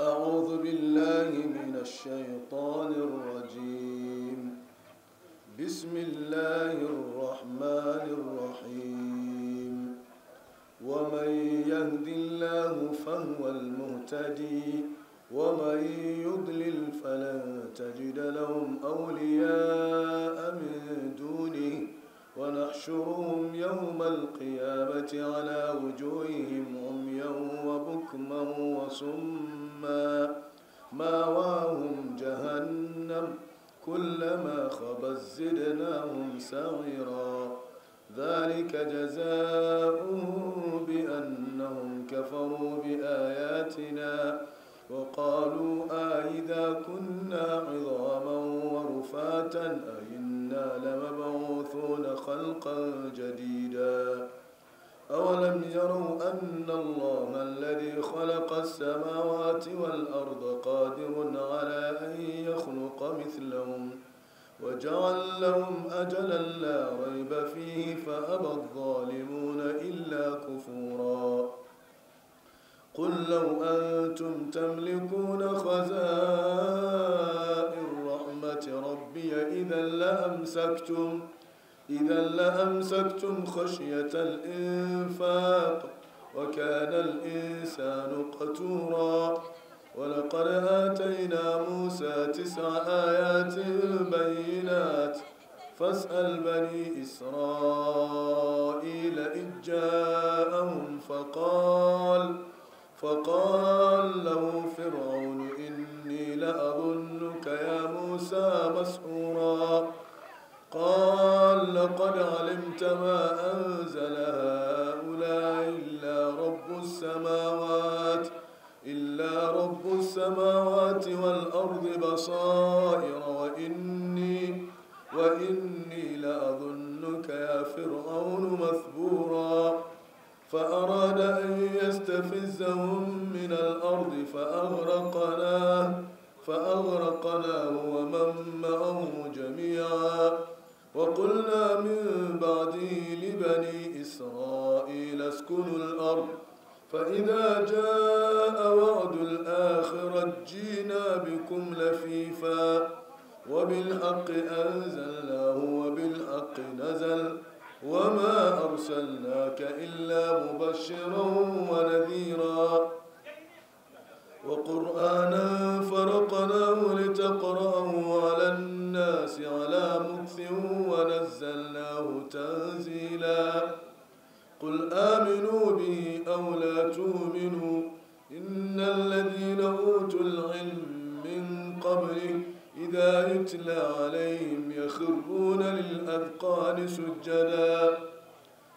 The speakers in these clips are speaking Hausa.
أعوذ بالله من الشيطان الرجيم بسم الله الرحمن الرحيم ومن يهد الله فهو المهتدي ومن يضلل فلن تجد لهم أولياء من دونه ونحشرهم يوم القيامة على وجوههم عميا وبكما وصما ماواهم جهنم كلما خبت زدناهم سعيرا ذلك جزاؤهم بأنهم كفروا بآياتنا وقالوا أئذا كنا عظاما ورفاتا أئنا لمبعوثون خلقا جديدا أولم يروا أن الله الذي خلق السماوات والأرض قادر على أن يخلق مثلهم وجعل لهم أجلا لا ريب فيه فأبى الظالمون إلا كفورا قل لو أنتم تملكون خزائن رحمة ربي إذا لأمسكتم إذا لأمسكتم خشية الإنفاق وكان الإنسان قتورا ولقد آتينا موسى تسع آيات بينات فاسأل بني إسرائيل إذ جاءهم فقال فقال له فرعون إني لأظنك يا موسى مسحورا قال لقد علمت ما أنزل هؤلاء إلا رب السماوات إلا رب السماوات والأرض بصائر وإني وإني لأظنك يا فرعون مثبورا فأراد أن يستفزهم من الأرض فأغرقناه فأغرقناه ومن معه وقلنا من بعده لبني إسرائيل اسكنوا الأرض فإذا جاء وعد الآخرة جينا بكم لفيفا وبالحق أنزلناه وبالحق نزل وما أرسلناك إلا مبشرا ونذيرا وقرآنا فرقناه لتقرأه إذا يتلى عليهم يخرون للأذقان سجدا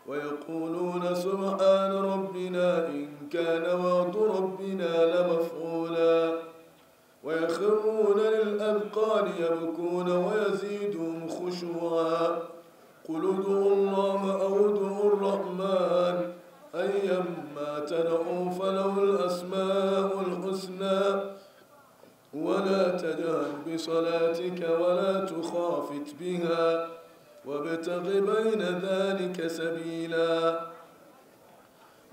ويقولون سبحان ربنا إن كان وعد ربنا لمفعولا ويخرون للأذقان يبكون ويزيدهم خشوعا قل ادعوا الله أو ادعوا الرحمن أيما تدعوا فلولا ولا تجهر بصلاتك ولا تخافت بها وابتغ بين ذلك سبيلا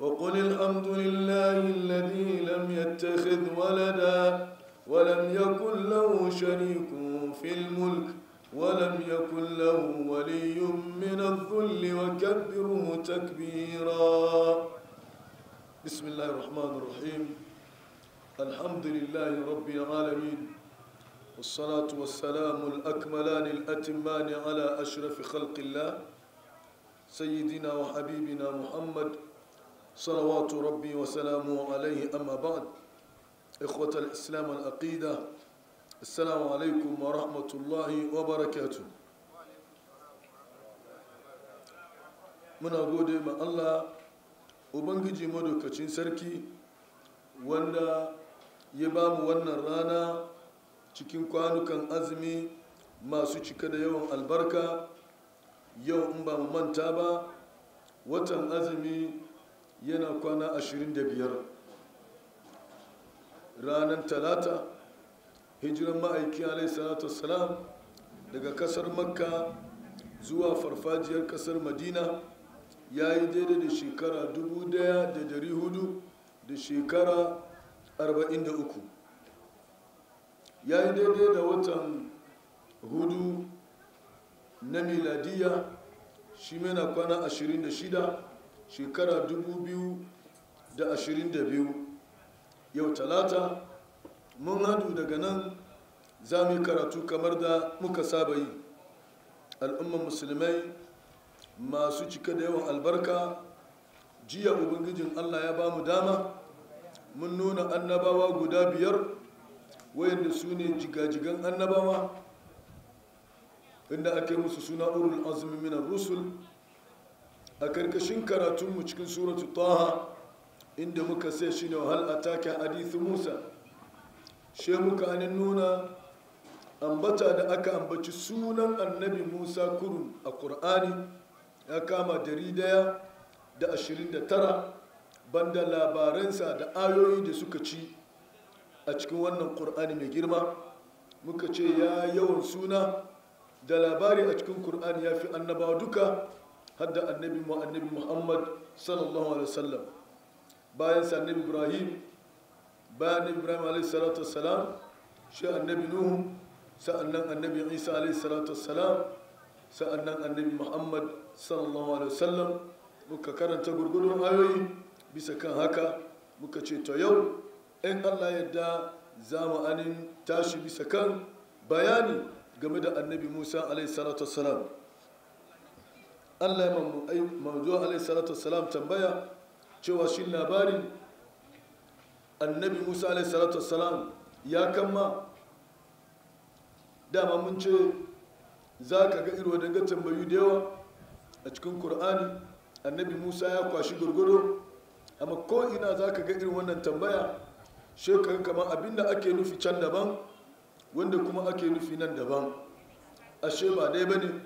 وقل الحمد لله الذي لم يتخذ ولدا ولم يكن له شريك في الملك ولم يكن له ولي من الذل وكبره تكبيرا بسم الله الرحمن الرحيم الحمد لله رب العالمين والصلاة والسلام الأكملان الأتمان على أشرف خلق الله سيدنا وحبيبنا محمد صلوات ربي وسلامه عليه أما بعد إخوة الإسلام الأقيدة السلام عليكم ورحمة الله وبركاته muna gode ma Allah Ubangiji madaukacin sarki wanda ya ba mu wannan rana cikin kwanukan azumi masu cika da yawan albarka yau in ba mu manta ba watan azumi yana kwana 25 ranar talata hijiran ma'aiki alaihissalatu salam daga kasar makka zuwa farfajiyar kasar madina ya yi daidai da shekara 1400 da shekara 43 ya yi daidai da watan hudu na miladiya shi mena kwana 26 shekara 2022 yau talata mun hadu daga nan za mu yi karatu kamar da muka saba yi al'umman musulmai masu cika da yawan albarka jiya ubangijin allah ya ba mu dama mun nuna annabawa guda biyar wayanda su ne jigajigan annabawa inda ake musu suna Urul Azumin minar rusul a karkashin karatunmu cikin suratu taha inda muka sai shi ne wahal a take hadithu musa she muka anin nuna ambata da aka ambaci sunan annabi musa kurun a ƙur'ani ya kama dari daya da ashirin da tara banda labaransa da ayoyi da suka ci a cikin wannan ƙur'ani mai girma muka ce ya yawan suna da labari a cikin ƙur'ani ya fi annabawa duka hadda annabi mu annabi muhammad sallallahu alaihi wasallam bayan sa annabi ibrahim bayan annabi ibrahim alaihi salatu wassalam shi annabi nuhu sa'annan annabi isa alaihi salatu wassalam sa'annan annabi muhammad sallallahu alaihi wasallam muka karanta gurgurun ayoyi bisa kan haka muka ce to yau in allah yadda za mu anin tashi bisa kan bayani game da annabi musa alaihissalatu wassalam allah ya mawujo alaihissalatu wassalam tambaya cewa shi labarin annabi musa alaihissalatu wassalam ya kama dama mun ce za ka ga irin daga tambayu da yawa a cikin kur'ani annabi musa ya kwashi gurgudu amma ko ina za ka ga irin wannan tambaya Shekaru kamar abinda ake nufi can daban wanda kuma ake nufi nan daban ashe ba dai bane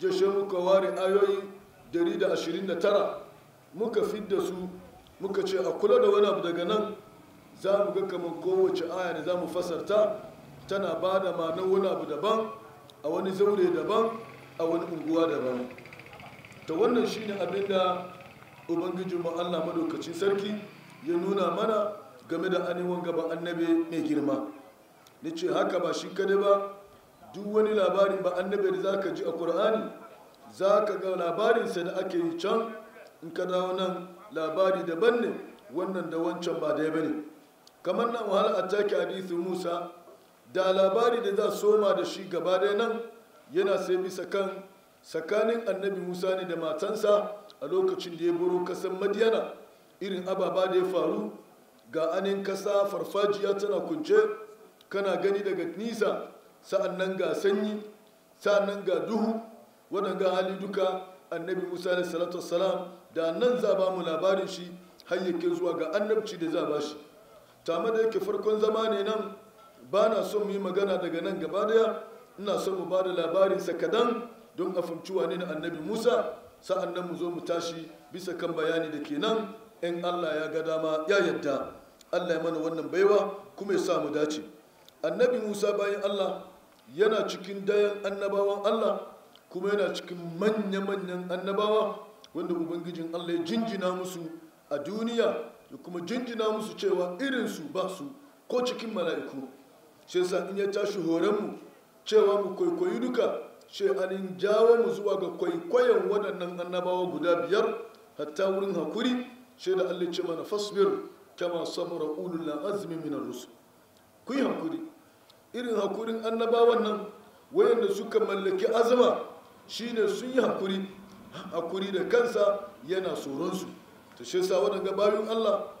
jashe muka ware ayoyi 129 muka fidda su muka ce a kula da wani abu daga nan za mu ga kamar kowace aya da za mu fasarta tana ba da ma'anar wani abu daban a wani zaure daban a wani unguwa daban ta wannan shine abin da ubangijinmu allah madaukacin sarki ya nuna mana game da ainihin gaban annabi mai girma da ce haka ba shi kadai ba duk wani labarin ba annabi da za ka ji a ƙura'ani za ka ga labarinsa da ake yi can in ka dawo nan labari daban ne wannan da wancan ba da ya bane kamar nan wahala a take hadithin musa da labari da za soma da shi gaba daya nan yana sai bisa kan tsakanin annabi musa ne da matansa a lokacin da ya buru kasan madiyana irin ababa da ya faru ga anin kasa farfajiya tana kunce kana gani daga nisa sa'an nan ga sanyi sa'an nan ga duhu ga hali duka annabi musa da salatu salam da nan za ba mu labarin shi hayyake zuwa ga annabci da za ba shi tama da yake farkon zama ne nan ba na son mu yi magana daga nan gaba daya ina son mu ba da labarin sa kadan don a fahimci wane na annabi musa sa'an nan mu zo mu tashi bisa kan bayani da ke nan in allah ya ga dama ya yadda Allah ya mana wannan baiwa kuma ya sa mu dace annabi Musa bayan Allah yana cikin dayan annabawan Allah kuma yana cikin manya-manyan annabawa wanda ubangijin Allah ya jinjina musu a duniya da kuma jinjina musu cewa irinsu ba su ko cikin mala'iku shi yasa in ya tashi horonmu cewa mu kwaikwayi duka shi anin jawo mu zuwa ga kwaikwayon waɗannan annabawa guda biyar hatta wurin hakuri shi da Allah ya ce mana fasbir kama sabara ulul azmi min ar-rusul ku yi hakuri irin hakurin annabawan nan wayanda suka mallaki azama shine sun yi hakuri hakuri da kansa yana tsoron su to shi yasa bayun Allah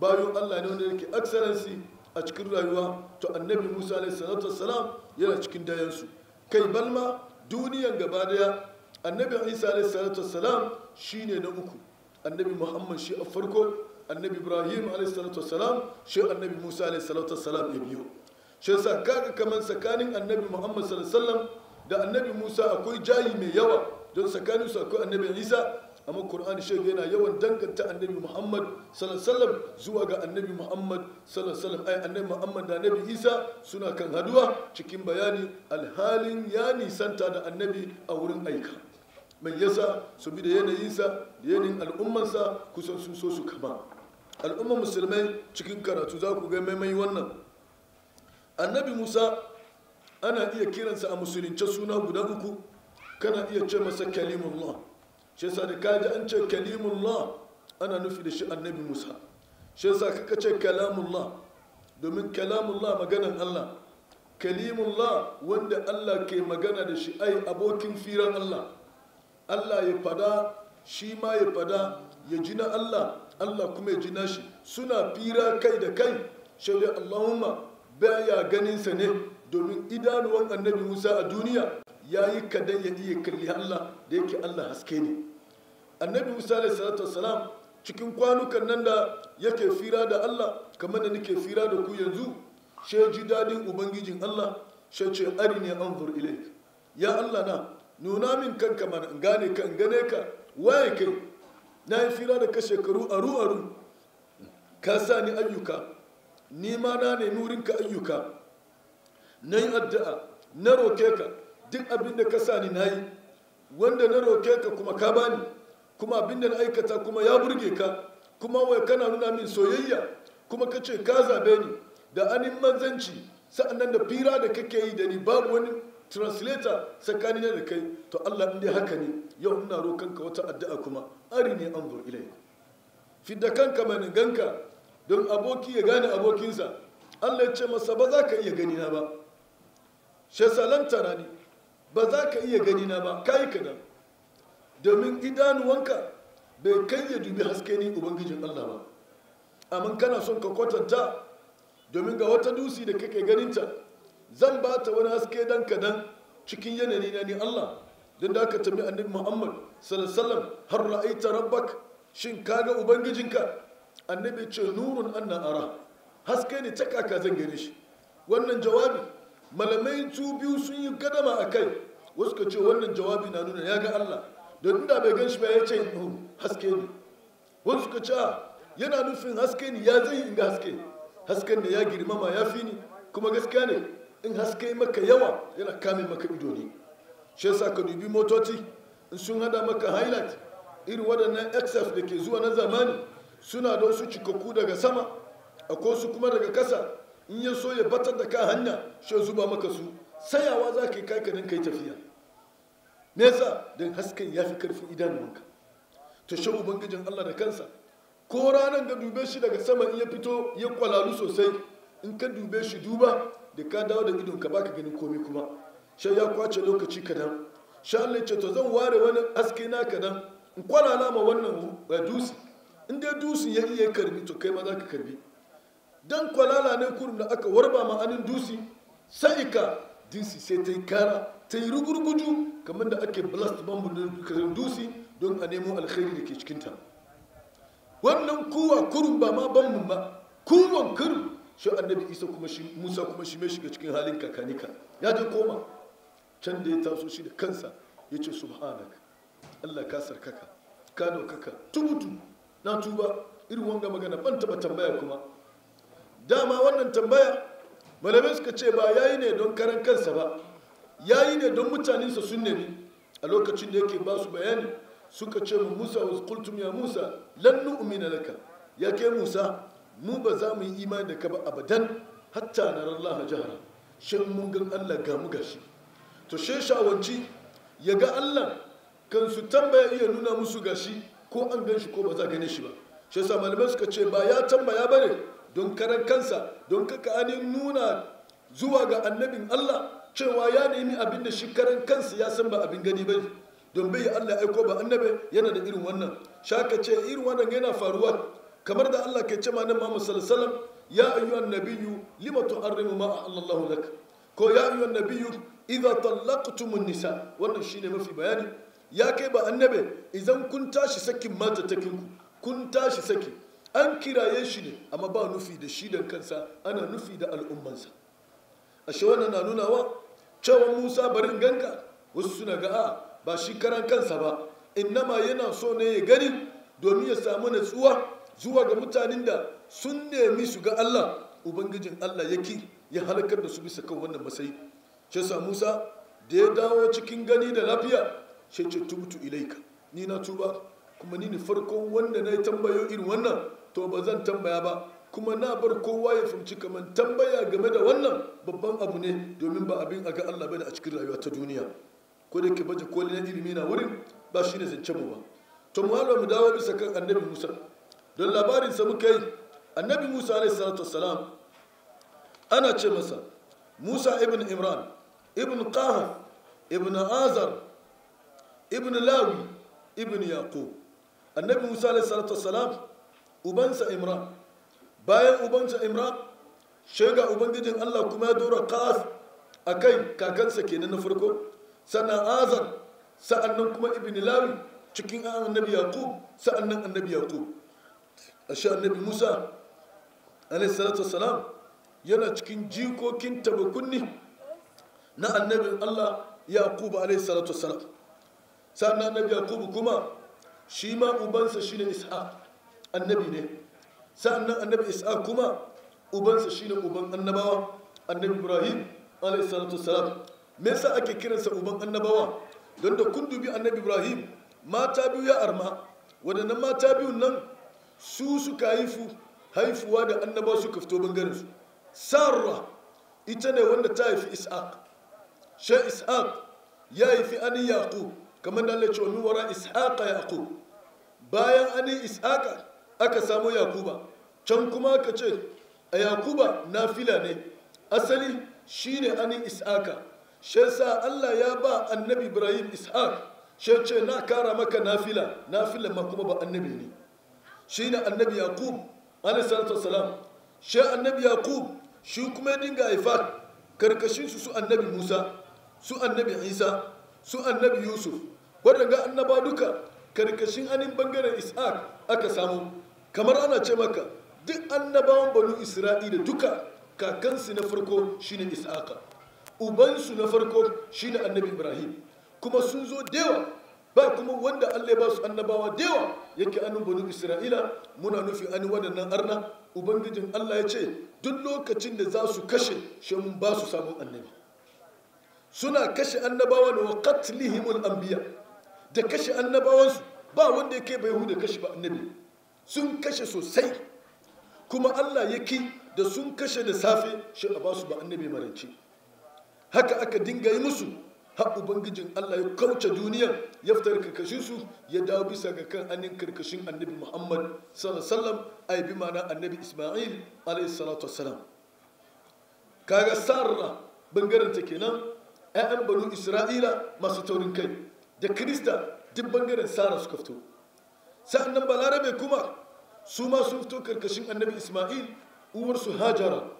bayun Allah ne wanda yake excellency a cikin rayuwa to annabi Musa alaihi salatu wassalam yana cikin dayan su kai balma duniyar gaba daya annabi Isa alaihi salatu wassalam shine na uku annabi Muhammad shi a farko annabi ibrahim a.s.w. shi annabi musa a.s.w. ya biyo shi sa kaga kamar tsakanin annabi muhammad sallallahu da annabi musa akwai jayi mai yawa don tsakanin su akwai annabi isa amma qur'an shi yana yawan danganta annabi muhammad sallallahu zuwa ga annabi muhammad sallallahu ai annabi muhammad da annabi isa suna kan haduwa cikin bayani alhalin ya nisanta da annabi a wurin aika mai yasa su bi da yanayinsa da yanayin al'ummarsa kusan sun so su kama al'ummar musulmai cikin karatu za ku ga maimai wannan annabi musa ana iya kiransa a musulunce suna guda uku kana iya ce masa kalimullah shi yasa da kaji an ce kalimullah ana nufi da shi annabi musa shi yasa kaka ce kalamullah domin kalamullah maganan allah kalimullah wanda allah ke magana da shi ai abokin firan allah allah ya fada shi ma ya fada ya ji na allah Allah kuma ya ji nashi suna fira kai da kai shaidai Allahumma baya ganinsa ne domin idanuwan annabi Musa a duniya ya yi kadan ya iya kalli Allah da yake Allah haske ne annabi Musa da salatu wassalam cikin kwanukan nan da yake fira da Allah kamar da nake fira da ku yanzu she ji dadin ubangijin Allah she ce ari ne anzur ilayk ya Allah na nuna min kanka mana in gane ka in gane ka waye kai na yi fira da ka shekaru aru aru ka sa ni ayyuka ni ma na nemi ka ayyuka na yi addu'a na roke ka duk abin da ka sa ni na yi wanda na roke ka kuma ka bani kuma abin da na aikata kuma ya burge ka kuma wai kana nuna min soyayya kuma ka ce ka zabe ni da anin manzanci sa'annan da fira da kake yi da ni babu wani translator tsakanin da kai to Allah in dai haka ne yau ina roƙonka wata addu'a kuma ari ne an bur ilai fidda kanka mai ganka don aboki ya gane abokinsa Allah ya ce masa ba za ka iya gani na ba shi salanta ne ba za ka iya gani na ba kai kadan domin idanuwanka bai kai ya dubi haske ni ubangijin Allah ba amma kana son ka kwatanta domin ga wata dusi da kake ganinta zan ba ta wani haske dan kadan cikin yanayi na ni Allah don da aka tambi annabi Muhammad sallallahu har ra'aita rabbak shin ka kaga ubangijinka annabi ce nurun anna ara haske ne ta kaka zan gane shi wannan jawabi malamai su biyu sun yi gadama a kai wasu ka ce wannan jawabi na nuna ya ga Allah don inda bai gan shi ba ya ce haske ne wasu ka ce yana nufin haske ne ya zai yi ga haske hasken da ya girmama ya fi ni kuma gaskiya ne in haske maka yawa yana kame maka ido shi yasa ka dubi motoci in sun hada maka highlight irin waɗannan excess da ke zuwa na zamani suna da wasu cikakku daga sama ko su kuma daga kasa in ya so ya batar da ka hanya shi zuba maka su sayawa za ka yi kai ka yi tafiya me yasa don hasken ya fi karfi idanunka ta shi ubangijin allah da kansa ko ranar da dube shi daga sama in ya fito ya kwalalu sosai in ka dube shi duba da ka dawo da idon ka baka gani komai kuma shan ya kwace lokaci kadan shan ce to zan ware wani aske na kadan in kwana na ma wannan dusi in dai dusi ya iya karbi to kai ma za ka karbi dan kwalala ne kurum da aka warba ma anin dusi sai ka dusi sai ta yi kara ta yi rugurguju kamar da ake blast bambu da dusi don a nemo alkhairi da ke cikinta wannan kuwa kurum ba ma bambun ba kuwan kurum shi annabi isa kuma shi musa kuma shi mai shiga cikin halin kakanika ya ji koma can da ya taso shi da kansa ya ce subhanaka allah ka sarkaka ka daukaka tubutu na tuba irin wanga magana ban taba tambaya kuma dama wannan tambaya malamai suka ce ba yayi ne don karan kansa ba yayi ne don mutanensa sun nemi a lokacin da yake ba su bayani suka ce mu musa wasu kultum ya musa lannu umina laka ya ke musa mu ba za mu yi imani da ka ba abadan hatta na Allah jihar shin mun gan Allah ga mu gashi to shi shawanci ya ga Allah kan su tambaya iya nuna musu gashi ko an gan shi ko ba za gane shi ba shi yasa malamai suka ce ba ya tambaya ba ne? don karan kansa don kaka anin nuna zuwa ga annabin Allah cewa ya nemi abin da shi karan kansa ya san ba abin gani bane don bai Allah aiko ba annabi yana da irin wannan shaka ce irin wannan yana faruwa kamar da Allah ke ce manin nan Muhammad sallallahu alaihi wasallam ya ayyuhan nabiyyu lima tuharrimu ma Allahu lak ko ya Nabiyu nabiyyu idza talaqtumun nisa wannan shine mafi bayani ya kai ba annabe idan kun tashi sakin mata ku kun tashi saki an kiraye shi ne amma ba nufi da shi dan kansa ana nufi da al'ummansa ashe wannan na nuna nunawa cewa Musa barin ganka wasu suna ga a ba shi karan kansa ba innama yana so ne ya gani domin ya samu natsuwa zuwa ga mutanen da sun nemi su ga Allah ubangijin Allah yake ya halakar da su bisa kan wannan masai ce sa Musa da ya dawo cikin gani da lafiya ce ce tubtu ilaika ni na tuba kuma ni ne farko wanda na yi tambayo irin wannan to ba zan tambaya ba kuma na bar kowa ya fahimci kamar tambaya game da wannan babban abu ne domin ba abin a ga Allah bane a cikin rayuwa ta duniya ko da ke baje koli na ilimi na wurin ba shine zance mu ba to mu mu dawo bisa kan annabi Musa don labarinsa muka yi annabi musa a.s.w. ana ce masa musa ibn imran ibn qaha ibn azar ibn lawi ibn yaqub annabi musa a.s.w. ubansa imran bayan ubansa imran shega ubangijin allah kuma ya dora qas a kai kakansa ke na farko sannan azar sa'annan kuma ibn lawi cikin annabi yaqub sa'annan annabi yaqub ashe annabi musa alaihi salatu wasalam yana cikin jikokin tabakunni na annabin allah yaqubu alaihi salatu wasalam sannan annabi yaqubu kuma shi ma ubansa shine ishaq annabi ne sannan annabi ishaq kuma ubansa shine uban annabawa annabi ibrahim alaihi salatu wasalam me yasa ake kiransa uban annabawa don da kun dubi annabi ibrahim mata biyu ya arma waɗannan mata biyun nan su suka haifu haifuwa da annaba suka fito bangaren su sarra ita ne wanda ta haifi ishaq shi ishaq ya haifi ani yaqub kamar da Allah ya ce wara yaqub bayan ani ishaq aka samu yakuba can kuma aka ce a yakuba fila ne asali shi ne ani ishaq shi sa Allah ya ba annabi Ibrahim ishaq shi ce na kara maka nafila nafila ma kuma ba annabi ne shi ne annabi yaqub alaihi salatu shi annabi yaqub shi kuma dinga haifa karkashin su su annabi musa su annabi isa su annabi yusuf waɗanda annaba duka karkashin anin bangaren ishaq aka samu kamar ana ce maka duk annabawan banu isra'ila duka kakansu na farko shine ishaqa ubansu na farko shine annabi ibrahim kuma sun zo dewa ba kuma wanda Allah ya ba su annabawa da yawa yake anun banu Isra'ila muna nufi an waɗannan arna ubangijin Allah ya ce duk lokacin da za su kashe shi mun ba su sabon annabi suna kashe annabawa ne wa qatlihimul anbiya da kashe annabawansu ba wanda yake bai huda kashe ba annabi sun kashe sosai kuma Allah yake da sun kashe da safe shi a ba su ba annabi maranci haka aka dinga yi musu har ubangijin Allah ya kauce duniya ya fitar karkashin su ya dawo bisa ga kan anin karkashin annabi Muhammad sallallahu alaihi wasallam ai bi ma'ana annabi Isma'il alaihi salatu wassalam kaga sarra bangaren ta kenan ƴaƴan banu Isra'ila masu taurin kai da Kirista duk bangaren sarra suka fito sa'annan balarabe kuma su ma sun fito karkashin annabi Isma'il uwar su Hajara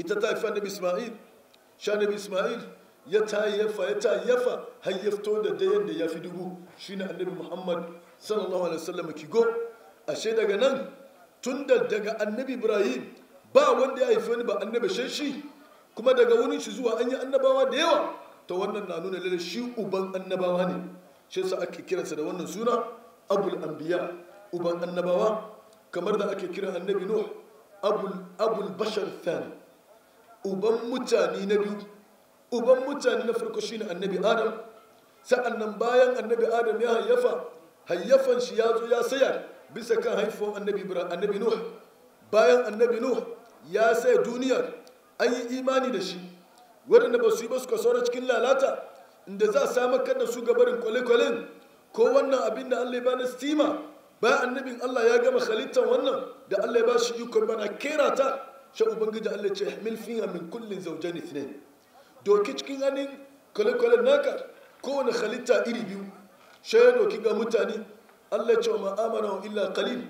ita ta haifi annabi Isma'il sha annabi Isma'il ya ta yafa ya ta yafa har ya fito da dayan da ya fi dubu shine annabi muhammad sallallahu alaihi wasallam kigo ashe daga nan tun daga annabi ibrahim ba wanda ya haifi wani ba annabi shi kuma daga wurin shi zuwa an yi annabawa da yawa ta wannan na nuna lalle shi uban annabawa ne shi yasa ake kiransa da wannan suna abul anbiya uban annabawa kamar da ake kiran annabi nuh abul abul bashar thani uban mutane na biyu uban mutane na farko shine annabi adam sa'annan bayan annabi adam ya hayyafa hayyafan shi ya zo ya saya bisa kan haifuwan annabi ibrahim annabi nuh bayan annabi nuh ya saya duniya an yi imani da shi waɗanda ba su yi ba suka saura cikin lalata inda za a samar kan da su gabarin kwale-kwalen ko wannan abin da allah ya bani stima bayan annabin allah ya gama halittar wannan da allah ya ba shi ikon bana kera ta shan ubangiji allah ce mil fiya min kullin zaujani ne doki cikin ganin kwale-kwalen naka kowane halitta iri biyu shaye doki ga mutane allah ce wa ma'amana wa illa kalil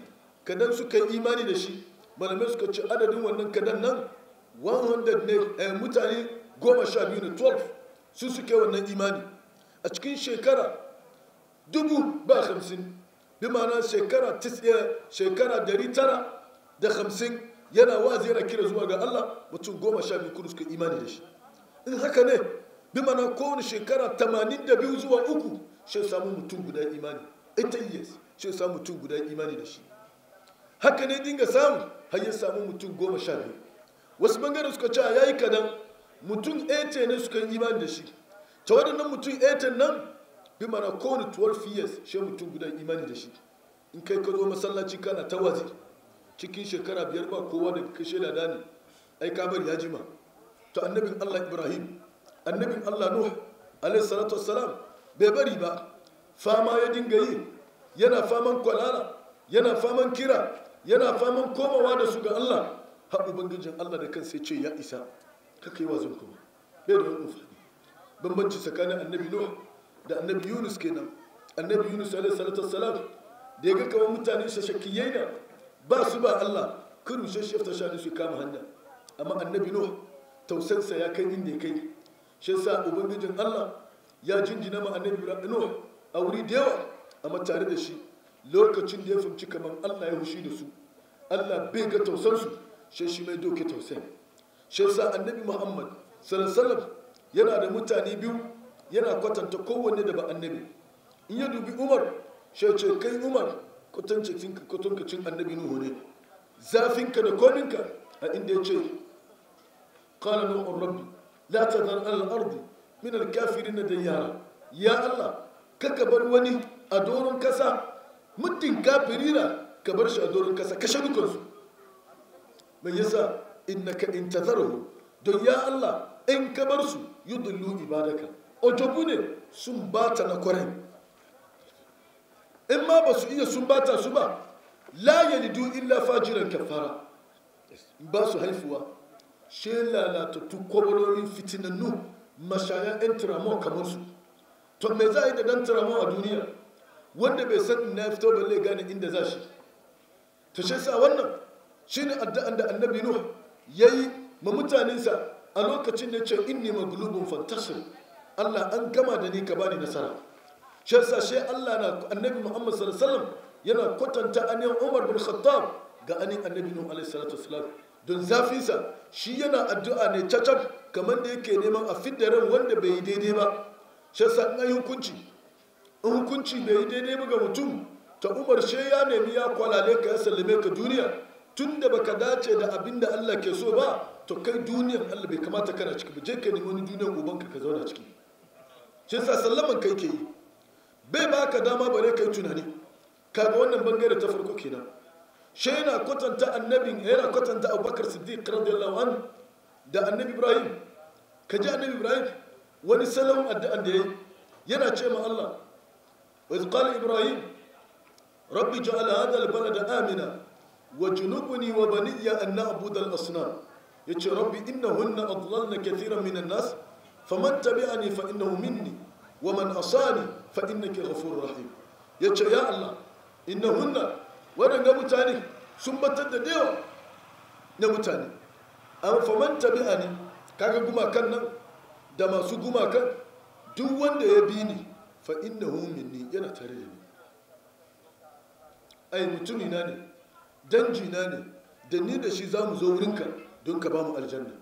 kadan suka yi imani da shi malamai suka ce adadin wannan kadan nan 100 ne eh, mutane goma sha biyu na 12 su suke wannan imani a cikin shekara dubu ba hamsin bi ma'ana shekara eh, shekara dari tara da hamsin yana wazi yana kira zuwa ga allah mutum goma sha biyu kudu suka imani da shi in haka ne bi mana kowane shekara 82 zuwa uku shi samu mutum guda imani 8 years shi samu mutum guda imani da shi haka ne dinga samu har ya samu mutum goma sha biyu wasu bangare suka ce ya yi kadan mutum 80 ne suka yi imani da shi ta waɗannan mutum 80 nan bi mana kowane 12 years shi mutum guda imani da shi in kai ka zo masallaci kana ta wazi cikin shekara biyar ba kowa da kashe ladani ai kamar ya jima to annabin Allah Ibrahim annabin Allah Nuh alaihi salatu wassalam bai bari ba fama ya dinga yi yana faman kwalala yana faman kira yana faman komawa da su ga Allah har ubangijin Allah da kansa ce ya isa kaka yi wazin kuma bai da wani bambanci tsakanin annabi Nuh da annabi Yunus kenan annabi Yunus alaihi salatu wassalam da ya ga kamar mutane shashakiyai na ba su ba Allah kuru shashafta shani su kama hanya amma annabi Nuh tausansa ya kai inda ya kai shi yasa ubangijin Allah ya jinjina ma annabi Nuh a wuri da yawa amma tare da shi lokacin da ya fahimci kamar Allah ya hushi da su Allah bai ga tausansu shi shi mai doke tausayin shi yasa annabi Muhammad sallallahu yana da mutane biyu yana kwatanta kowanne da ba annabi in ya dubi Umar shi ce kai Umar kwatancin annabi Nuhu ne zafinka da koninka a inda ya ce قال نوح ربي لا تذر على الأرض من الكافرين ديارا يا الله ككبر وني أدور كسا مدين كافرين كبرش أدور كسا كشنو كنسو من يسا إنك إن تذره دون يا الله إن كبرسو يضلوا عبادك أجبوني سنباتا نكورين إما بسو إيا سنباتا سبا لا يلدو إلا فاجرا كفارا باسو هيفوا she lalatattu kwabalolin fitinannu mashayan 'yan tiramon kamar su to me za a yi da dan tiramon a duniya wanda bai san ina fito balle gane inda za shi ta shi sa wannan shi ne addu'an da annabi nuh ya yi ma mutanensa a lokacin da ce inni maglubun fantasir allah an gama da ni ka bani nasara shi sa shi allah na annabi muhammad sallallahu alaihi wasallam yana kwatanta anin umar bin khattab ga anin annabi nuh alaihi salatu wasallam don zafinsa shi yana addu'a ne cacaf kamar da yake neman a fidda ran wanda bai yi daidai ba shi sa hukunci in hukunci bai yi daidai ba ga mutum ta umar shi ya nemi ya kwalale ka ya sallame ka duniya tun da baka dace da abin da Allah ke so ba to kai duniya Allah bai kamata kana ciki ba je ka nemi wani duniyan ubanka ka zauna ciki shi sa sallaman kai ke yi bai ba ka dama bare kai tunani kaga wannan bangare ta farko kenan شينا كتنت النبي هنا كتنت أبو بكر الصديق رضي الله عنه دا النبي إبراهيم كجاء النبي إبراهيم ونسلم أدى أنديه ينا شيما الله وإذ قال إبراهيم ربي جعل هذا البلد آمنا وجنبني وبني أن نعبد الأصنام يتش ربي إنهن أضللن كثيرا من الناس فمن تبعني فإنه مني ومن أصاني فإنك غفور رحيم يتش يا الله إنهن waɗanda mutane sun batar da dewa na mutane an faman tabi'a ne kaga gumakan nan da masu gumakan duk wanda ya bi ni fa homin ne, yana tare da ni ai mutumina ne na ne da ni da shi za mu zo wurinka don ka ba mu aljanna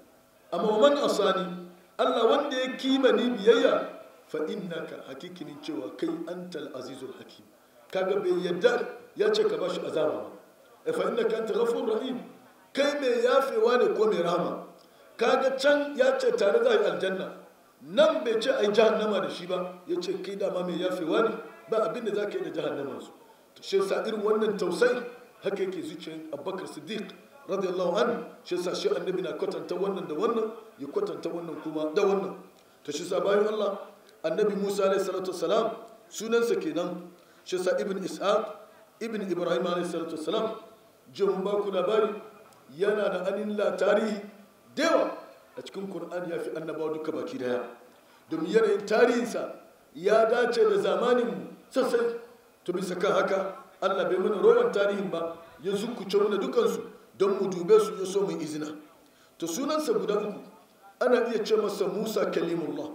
amma man asani allah wanda ya kima ni biyayya fa innaka hakikinin cewa kai antal azizul hakim kaga bai yadda ya ce ka bashi azaba ba fa inna ka anta ghafurur rahim kai mai yafewa ne ko mai rama? kaga can ya ce tare za a yi aljanna nan bai ce a yi jahannama da shi ba ya ce kai dama mai yafewa ne ba abin da za ka yi da jahannama su shi sa irin wannan tausayi haka yake zuciyar abubakar siddiq radiyallahu an shi sa shi annabi na kwatanta wannan da wannan ya kwatanta wannan kuma da wannan Ta shi sa bayan allah annabi musa alaihi salatu salam sunansa kenan shi sa ibn ishaq ibn ibrahim alaihissalatu wassalam labari yana da anin tarihi dewa a cikin ƙur'ani ya fi annabawa duka baki daya domin yanayin tarihinsa ya dace da zamaninmu sassai to bisa kan haka allah bai mana roman tarihin ba ya zukuce mana dukansu don mu dube su ya so mai izina to sunansa guda uku ana iya ce masa musa kalimullah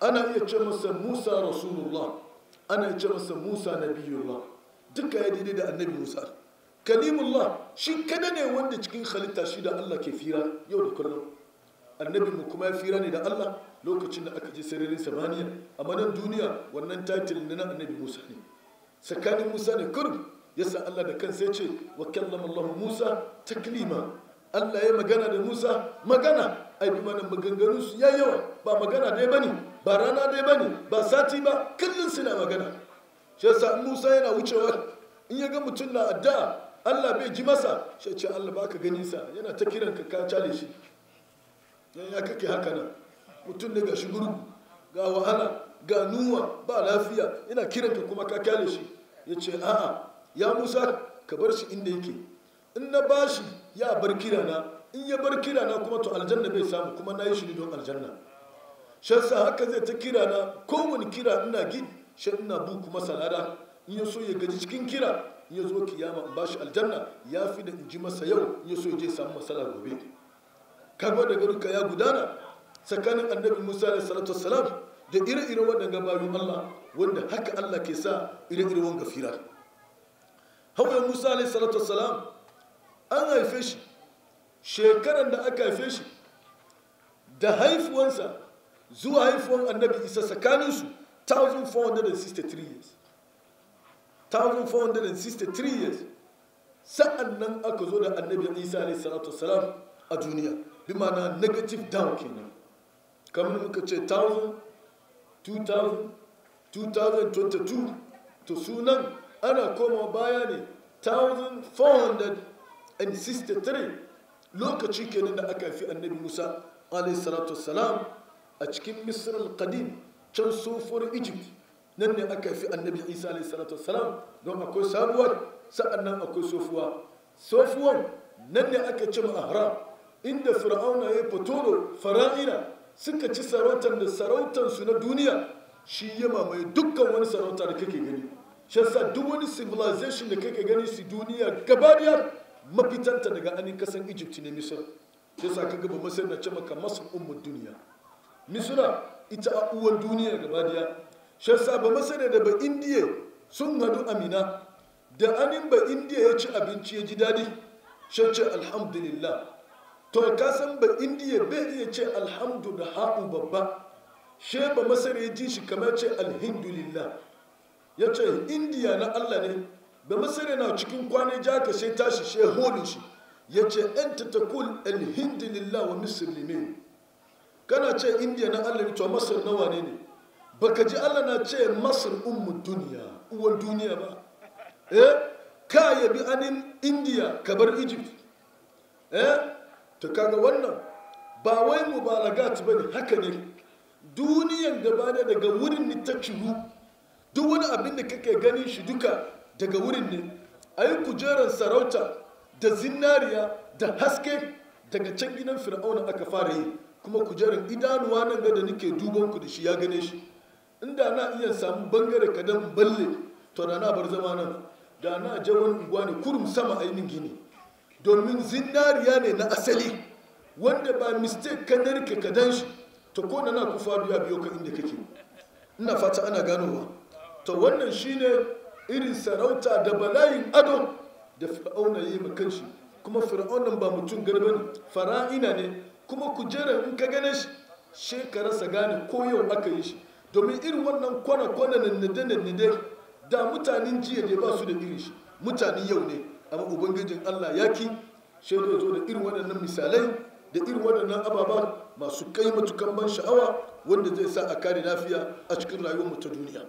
ana iya ce masa musa rasulullah ana ce masa musa nabiyullah duka ya daidai da annabi musa kalimullah shi kada ne wanda cikin halitta shi da allah ke fira yau da kullum annabi mu kuma ya fira ne da allah lokacin da aka je sararin samaniya a manan duniya wannan titil na annabi musa ne tsakanin musa ne kurum yasa allah da kansa ya ce wa kallama musa taklima allah ya magana da musa magana ai bi su ya yawa ba magana dai bane ba rana dai bane ba sati ba su suna magana shi yasa Musa yana wucewa in ya ga mutum na adda Allah bai ji masa shi ce Allah ba ka gani sa yana ta kiran ka ka cale shi Dan ya kake haka nan mutum ne ga shi ga wahala ga nuwa ba lafiya yana kiran ka kuma ka kyale shi ya ce a'a ya Musa ka bar shi inda yake in na bashi ya bar kirana in ya bar kirana kuma to aljanna bai samu kuma na yi shi don aljanna shansa haka zai ta kira na kowane kira ina gi shan ina bu kuma lada in ya so ya gaji cikin kira in ya zo kiyama in bashi aljanna ya fi da in ji masa yau in ya so ya je samu masala gobe kaga daga duka ya gudana tsakanin annabi musa da salatu wassalam da ire-ire waɗanda bayan allah wanda haka allah ke sa ire-ire wanga fira hawaye musa da salatu wassalam an haife shi shekaran da aka haife shi da haifuwansa zuwa haifuwan annabi isa tsakaninsu 1463 years 1463 years sa'an nan aka zo da annabi isa alaihi salatu wasalam a duniya bi ma'ana negative down kenan kamar muka ce 1000 2000 2022 to sunan ana koma baya ne 1463 lokaci kenan da aka fi annabi musa a.s.w. a cikin misr al-qadim can sofor egypt nan ne aka fi annabi isa alayhi salatu wassalam don akwai sabuwar sa'annan akwai sofuwa sofuwan nan ne aka ci mahram inda fir'auna ya fito fara'ina suka ci sarautar da sarautarsu na duniya shi ya mamaye dukkan wani sarauta da kake gani shi yasa duk wani civilization da kake gani su duniya gabaniya mafitanta daga anin kasan egypt ne misir shi yasa kaga ba masar na ce maka masu ummar duniya misira ita a uwar duniya gaba daya shasaba yasa ba masana da ba indiya sun hadu amina da anin ba indiya ya ci abinci ya ji daɗi shacce alhamdulillah to ka san ba indiya bai iya ce alhamdu da ha'u babba she ba masana ya ji shi kamar ce alhamdulillah ya ce indiya na allah ne ba masana na cikin kwanai jaka sai tashi she holin shi ya ce ‘yan tatakul alhamdulillah wa musulmi kana ce indiya na allah ne to masar nawa ne ne baka ji allah na ce masar ummu duniya uwan duniya ba eh ka yabi anin indiya ka bar egypt eh ta kaga wannan ba wai mu ba ne haka ne duniyan da ne daga wurin ne ta ciru duk wani abin da kake ganin shi duka daga wurin ne a yi kujerar sarauta da zinariya da haske daga can gidan fir'auna aka fara yi kuma kujerar idanuwa nan ga da nake duban ku da shi ya gane shi inda na iya samu bangare kadan balle to da na bar zama nan da na je wani unguwa ne kurum sama ainihin gini domin zinariya ne na asali wanda ba mistake ka narke kadan shi to ko na ku faru ya biyo ka inda kake ina fata ana ganowa to wannan shine irin sarauta da balayin ado da fir'auna ya yi makanshi kuma fir'aunan ba mutum garba ne fara'ina ne kuma ku jera in ka gane shi shekararsa gane ko yau aka yi shi domin irin wannan kwana-kwana nade da mutanen jiya da ba su da irin shi mutanen yau ne amma ubangijin allah ya ki shaidu zo da irin waɗannan misalai da irin waɗannan ababa masu kai matukan ban sha'awa wanda zai sa a kare lafiya a cikin rayuwarmu ta duniya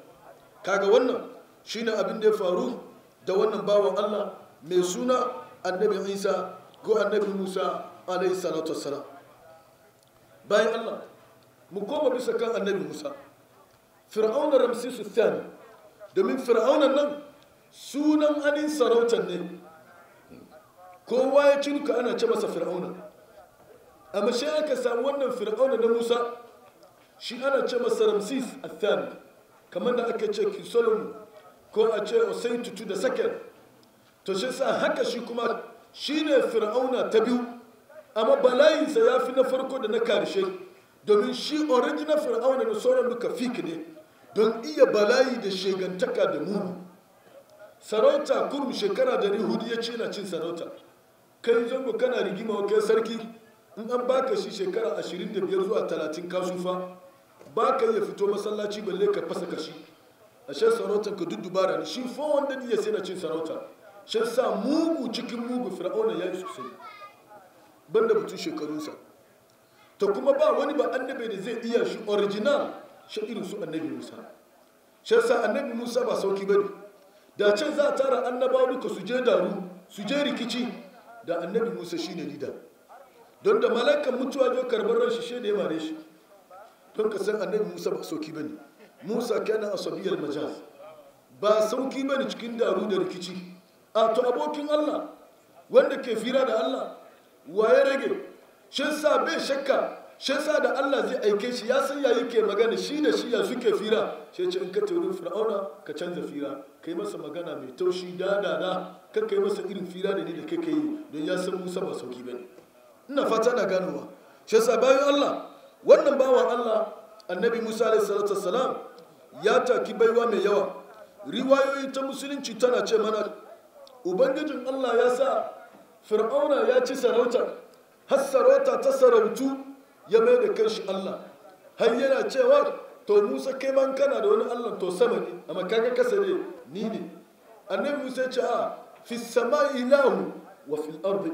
kaga wannan shine abin da ya faru da wannan bawan allah mai suna annabi isa ko annabi musa alaihi salatu wassalam bayan Allah mu koma bisa kan annabi Musa fir'auna ramsisu thani domin fir'auna nan sunan anin sarautar ne kowa ya cinuka ana ce masa fir'auna A shi aka samu wannan fir'auna na Musa shi ana ce masa ramsis athani kamar da aka ce kisolon ko a ce osai tutu da sakel to shi sa haka shi kuma shine fir'auna ta biyu amma bala'insa ya fi na farko da na karshe domin shi original fir'auna da sauran duka fik ne don iya bala'i da shegantaka da mu sarauta kurum shekara da hudu ya ce na cin sarauta kai zango kana rigima wa kai sarki in an baka shi shekara ashirin da biyar zuwa talatin kasufa ba ka iya fito masallaci balle ka fasa kashi a shan sarauta ka duk dubara ne shi fo wanda ya sai na cin sarauta shan sa mugu cikin mugu fir'auna ya yi sosai banda mutum shekarunsa ta kuma ba wani ba annabi da zai iya shi original shi irin su annabi musa shi annabi musa ba sauki bane da can za a tara annabawa duka su je daru su rikici da annabi musa shine dida. don da malakan mutuwa jo karbar ran shi shine mare shi don ka san annabi musa ba sauki bane musa kana asabiyar majaz ba sauki bane cikin daru da rikici a to abokin Allah wanda ke fira da Allah wa ya rage shi sa bai shakka shi sa da Allah zai aike shi ya san yayi ke magana shi da shi ya suke fira shi ce in ka tauri fir'auna ka canza fira kai masa magana mai taushi da da da kan kai masa irin fira da ni da kake yi don ya san Musa ba sauki bane ina fata na ganowa shi sa bayan Allah wannan bawan Allah annabi Musa alaihi salatu wassalam ya taki baiwa mai yawa riwayoyi ta musulunci tana ce mana ubangijin Allah ya sa fir'auna ya ci sarauta har sarauta ta sarautu ya mai da kanshi allah har yana cewa to musa kai man kana da wani allah to sama ne amma kaga kasa ne ni ne annabi musa ya ce a fi sama ilahu wa fil ardi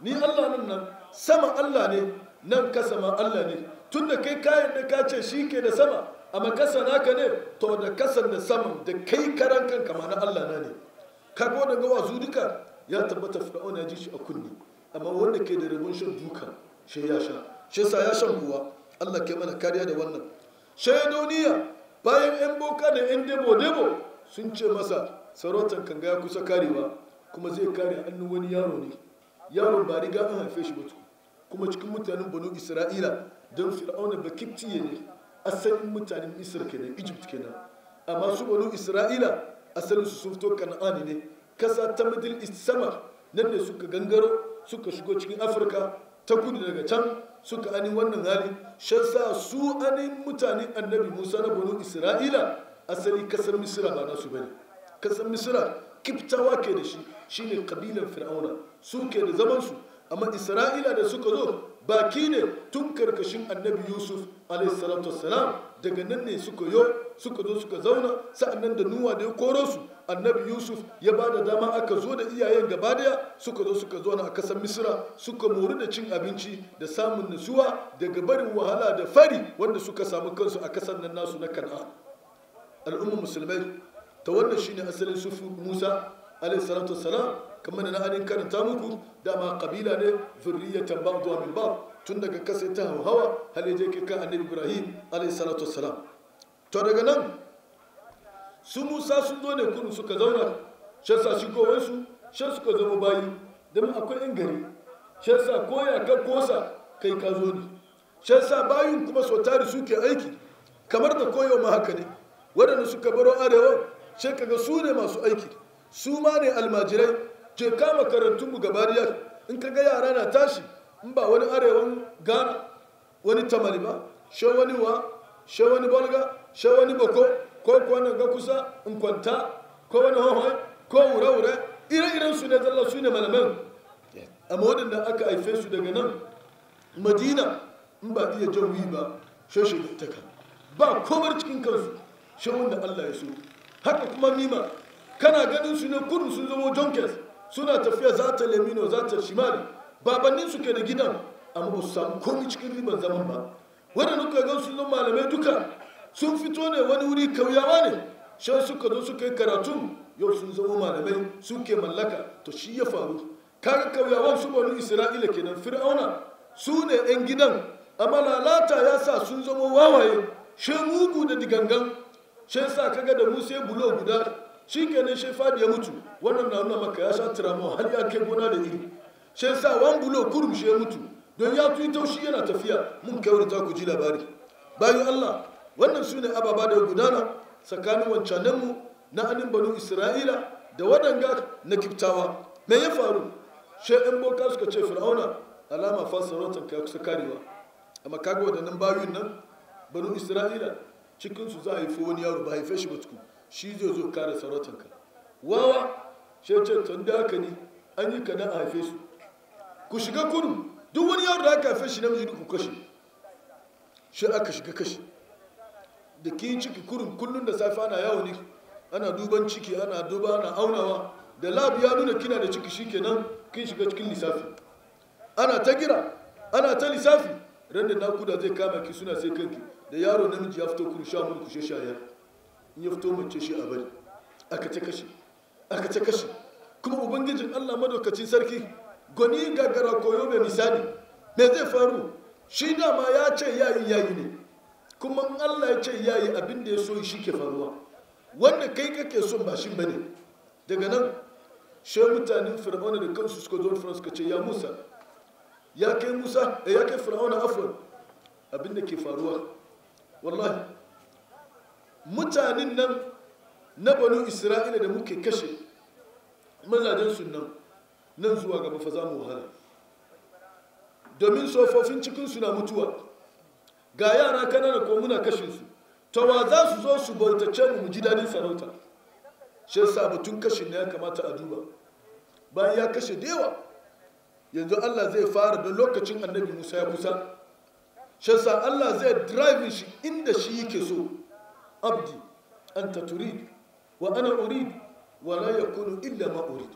ni allah nan nan sama allah ne nan kasa ma allah ne tun da kai kayan da ka ce shi ke da sama amma kasa naka ne to da kasan da sama da kai karan kanka ma na allah na ne kago ga wazu duka ya tabbata fir'aun ya ji shi a kunni amma wanda ke da rabon shan duka shi ya sha shi sa ya shan kuwa Allah ke mana kariya da wannan shaidoniya bayan yan boka da yan debo debo sun ce masa sarautan kanga ya kusa karewa kuma zai kare hannun wani yaro ne Yaro ba riga an haife shi ba kuma cikin mutanen banu isra'ila don fir'auna ba kiftiye ne asalin mutanen misir kenan egypt kenan amma su banu isra'ila asalin su sun fito kana'ani ne kasa ta middle east sama nan ne suka gangaro suka shigo cikin afirka ta kudu daga can suka ani wannan hali shan sa su anin mutane annabi musa na bunu isra'ila asali kasar misira ba nasu bane kasar misira kiftawa ke da shi shine kabilan fir'auna su ke da zamansu amma isra'ila da suka zo baki ne tun karkashin annabi yusuf alaihissalatu daga nan ne suka yo suka zo suka zauna sa'annan da nuwa da ya koro su annabi yusuf ya ba da dama aka zo da iyayen gaba daya suka zo suka zauna a kasar misira suka mori da cin abinci da samun nutsuwa daga barin wahala da fari wanda suka samu kansu a kasar nan nasu na kan'a al'ummar musulmai ta wannan shine asalin sufi musa alaihi salatu wassalam kamar na an karanta muku dama kabila ne zurriyatan ba zuwa min ba tun daga kasa ta hawa hali je kan annabi ibrahim alaihi salatu wassalam to daga nan su musa sun zo ne kudu suka zauna shan sa shi su shan ka zama bayi don akwai yan gari shan sa koya ka kosa kai ka zo ne shan sa bayin kuma sau tari suke aiki kamar da koyo ma haka ne waɗanda suka baro arewa sai kaga su ne masu aiki su ma ne almajirai ke kama karantunmu gabariyar in ka ga yara na tashi in ba wani arewan ghana wani ba she wani wa she wani bolga she wani bako ko kuwa ga kusa in kwanta ko wani hohon ko wure-wure ire-iren su ne zalla su ne malaman amma waɗanda aka haife su daga nan madina in ba iya jawi ba shashe ta ba komar cikin kansu shi wanda allah ya so haka kuma nima kana ganin su ne kudu sun zama junkers suna tafiya za ta lemino za ta shimali babannin su ke da gidan amma ba su komi cikin riban zaman ba waɗanda nuka gan sun zama malamai duka sun fito ne wani wuri kauyawa ne shan suka zo suka yi karatun yau sun zama malamai sun suke mallaka to shi ya faru kaga kauyawan su wani isra'ila kenan fir'auna su ne 'yan gidan amma lalata ya sa sun zama wawaye shan mugu da digangan shan sa kaga da musa bulo guda shi kenan shi fadi ya mutu wannan na nuna maka ya sha tiramuwa har ya kai gona da iri shi sa wan bulo kurum shi ya mutu don ya tuyi taushi yana tafiya mun kai ta ku ji labari bayan allah wannan su ne ababa da gudana tsakanin wancanenmu na anin banu isra'ila da waɗanga na kiftawa me ya faru shi 'yan boka suka ce fir'auna alama fasarautar ka kusa karewa amma kaga waɗannan bayun nan banu isra'ila cikinsu za a haifi wani yaro ba haife shi ba tukun shi zai zo kare sarautanka wawa shi ce da haka ne an yi kana a haife su ku shiga kudu duk wani yaro da aka haife shi namiji ku kashe shi aka shiga kashe da ki ciki kurun kullum da safe ana yawo ne ana duban ciki ana duba ana aunawa da lab ya nuna kina da ciki shi kenan kin shiga cikin lissafi ana ta gira ana ta lissafi Randa da nakuda zai kama ki suna sai kanki da yaro namiji ya fito kuru sha mulku shesha yaro ya fito mace shi a bari aka ta kashe aka ta kashe kuma ubangijin allah madaukacin sarki gwani gagara koyo mai misali me zai faru shi dama ya ce yayi yayi ne kuma allah ya ce yayi abin ya so shi ke faruwa wanda kai kake son ba shi bane daga nan shi mutanen fir'auna da kansu suka zo fir'auna suka ce ya musa ya kai musa ya kai fir'auna afwan abin da ke faruwa wallahi mutanen nan na banu isra'ila da muke kashe mazajen sunan nan zuwa gaba fa za mu wahala domin tsofaffin cikinsu na mutuwa ga yara kanana ko muna kashinsu wa za su zo su bautace mu ji dadin sarauta shi yasa batun kashin na ya kamata a duba bayan ya kashe da yawa yanzu Allah zai fara don lokacin annabi Musa ya kusa shi sa Allah zai drive shi inda shi yake so abdi an ta wa أنت تريد وأنا أريد ولا يكون إلا ما أريد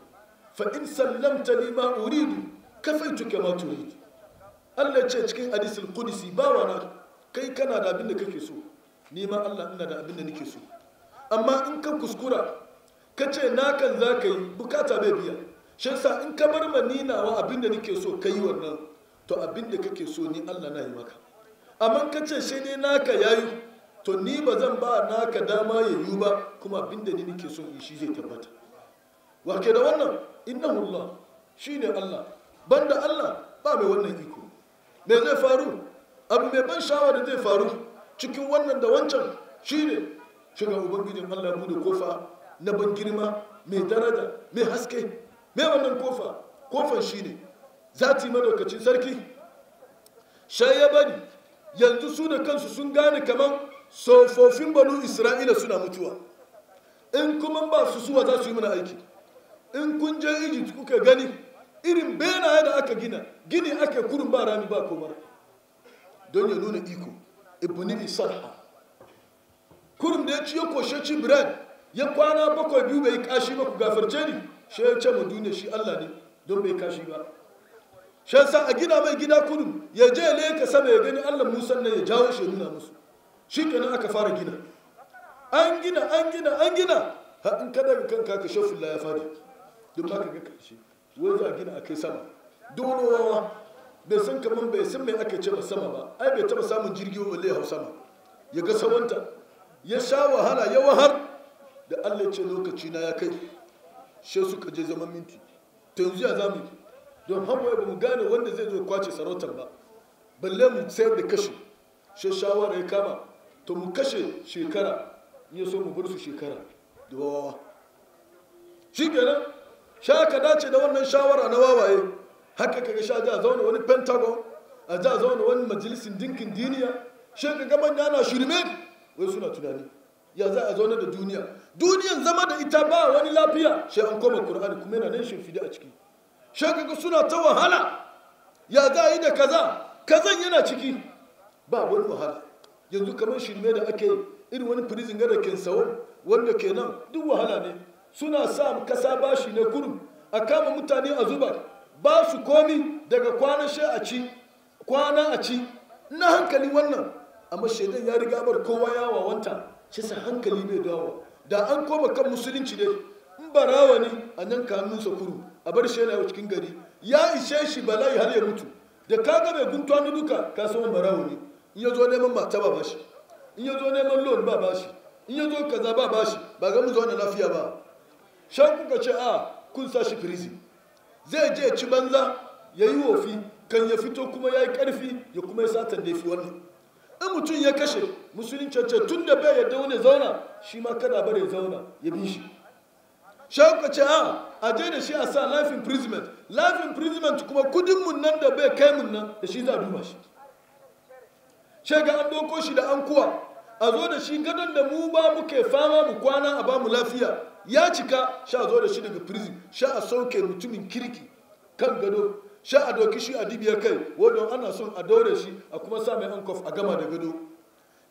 فإن سلمت لي ما أريد كفيتك ma turid Allah ce cikin hadisul qudsi ba wana kai kana da abin da kake so ni ma Allah ina da abin da nake so amma in ka kuskura ka ce na kan za ka yi bukata bai biya shi yasa in ka bar ma nina wa abin da nake so ka yi wannan to abin da kake so ni Allah na yi maka amma ka ce shi ne naka yayi to ni ba zan ba naka dama ya yiwu ba kuma abinda ni nake so yi shi zai tabbata wa da wannan Inna Allah shine Allah banda Allah ba mai wannan iko me zai faru abu mai ban shawa da zai faru cikin wannan da wancan shine shiga ubangijin Allah bude kofa na ban girma mai daraja mai haske mai wannan kofa kofan shine zati madaukacin sarki ya bari. yanzu su da kansu sun gane kaman tsofaffin banu isra'ila suna mutuwa in kuma ba su suwa za su yi mana aiki in kun je egypt kuka gani irin benaye da aka gina gini aka kurin ba rami ba komar don ya nuna iko ibn sarha kurin da ya ci ya koshe ci ya kwana bakwai biyu bai kashi ba ku gafarce ni shi ya ce ma duniya shi allah ne don bai kashi ba shi sa a gina mai gida kudu ya je leka sama ya gani allah musan nan ya jawo shi nuna musu shi kanan aka fara gina an gina an gina an gina haɗin in ka kanka ka la ya fadi duk ba ka ga karshe wai za a gina a kai sama duk wani wawa bai san kaman bai san mai aka ce sama ba ai bai taba samun jirgi wale hau sama ya ga sawanta ya sha wahala ya wahar da allah ce lokaci na ya kai shi suka je zaman minti ta yanzu ya zamu don hawa ba mu gane wanda zai zo kwace sarautar ba balle mu sayar da kashi shi shawara ya kama to mu kashe shekara ya so mu bar su shekara da wawawa shi kenan sha ka dace da wannan shawara na wawaye haka kaga sha za a zaune wani pentagon a za a zaune wani majalisin dinkin duniya shi kaga manya na shirme wai suna tunani ya za a zaune da duniya duniyan zama da ita ba wani lafiya shi an koma kur'an kuma yana nan shimfidi a ciki shi ka suna ta wahala ya za a yi da kaza kazan yana ciki ba wani wahala yanzu kamar shirme da ake irin wani firizin gada ke sawo ke nan duk wahala ne suna sa kasa bashi na kurum a kama mutane a zuba ba su komi daga kwana shi a ci kwana a ci na hankali wannan amma shaidan ya riga bar kowa ya wawanta shi sa hankali bai dawo da an koma kan musulunci ne in rawa ne a nan kamun sa kuru a bar shi yana cikin gari ya ishe shi bala'i har ya mutu da kaga mai guntuwa duka ka san barawa ne in ya zo neman mata ba bashi in ya zo neman loan ba bashi in ya zo kaza ba bashi ba ga muzo zauna lafiya ba shan kuka ce a ah, kun sa shi firizi zai je ci banza ya yi wofi kan ya fito kuma ya yi karfi ya kuma ya satan da ya fi wannan in mutum ya kashe musulun cancan tun da bai yadda wani zauna shi ma kada bare zauna ya bi shi kuka ce a ah, a je da shi a sa life imprisonment life imprisonment kuma kudin mun nan da bai kai mun nan da shi za a duba shi ga an doko shi da an kuwa a zo da shi gadon da mu ba muke fama mu kwana a ba mu lafiya ya cika sha zo da shi daga prison sha a sauke mutumin kirki kan gado sha a doki shi a dibiya kai wadda ana son a daure shi a kuma sa mai hankof a gama da gado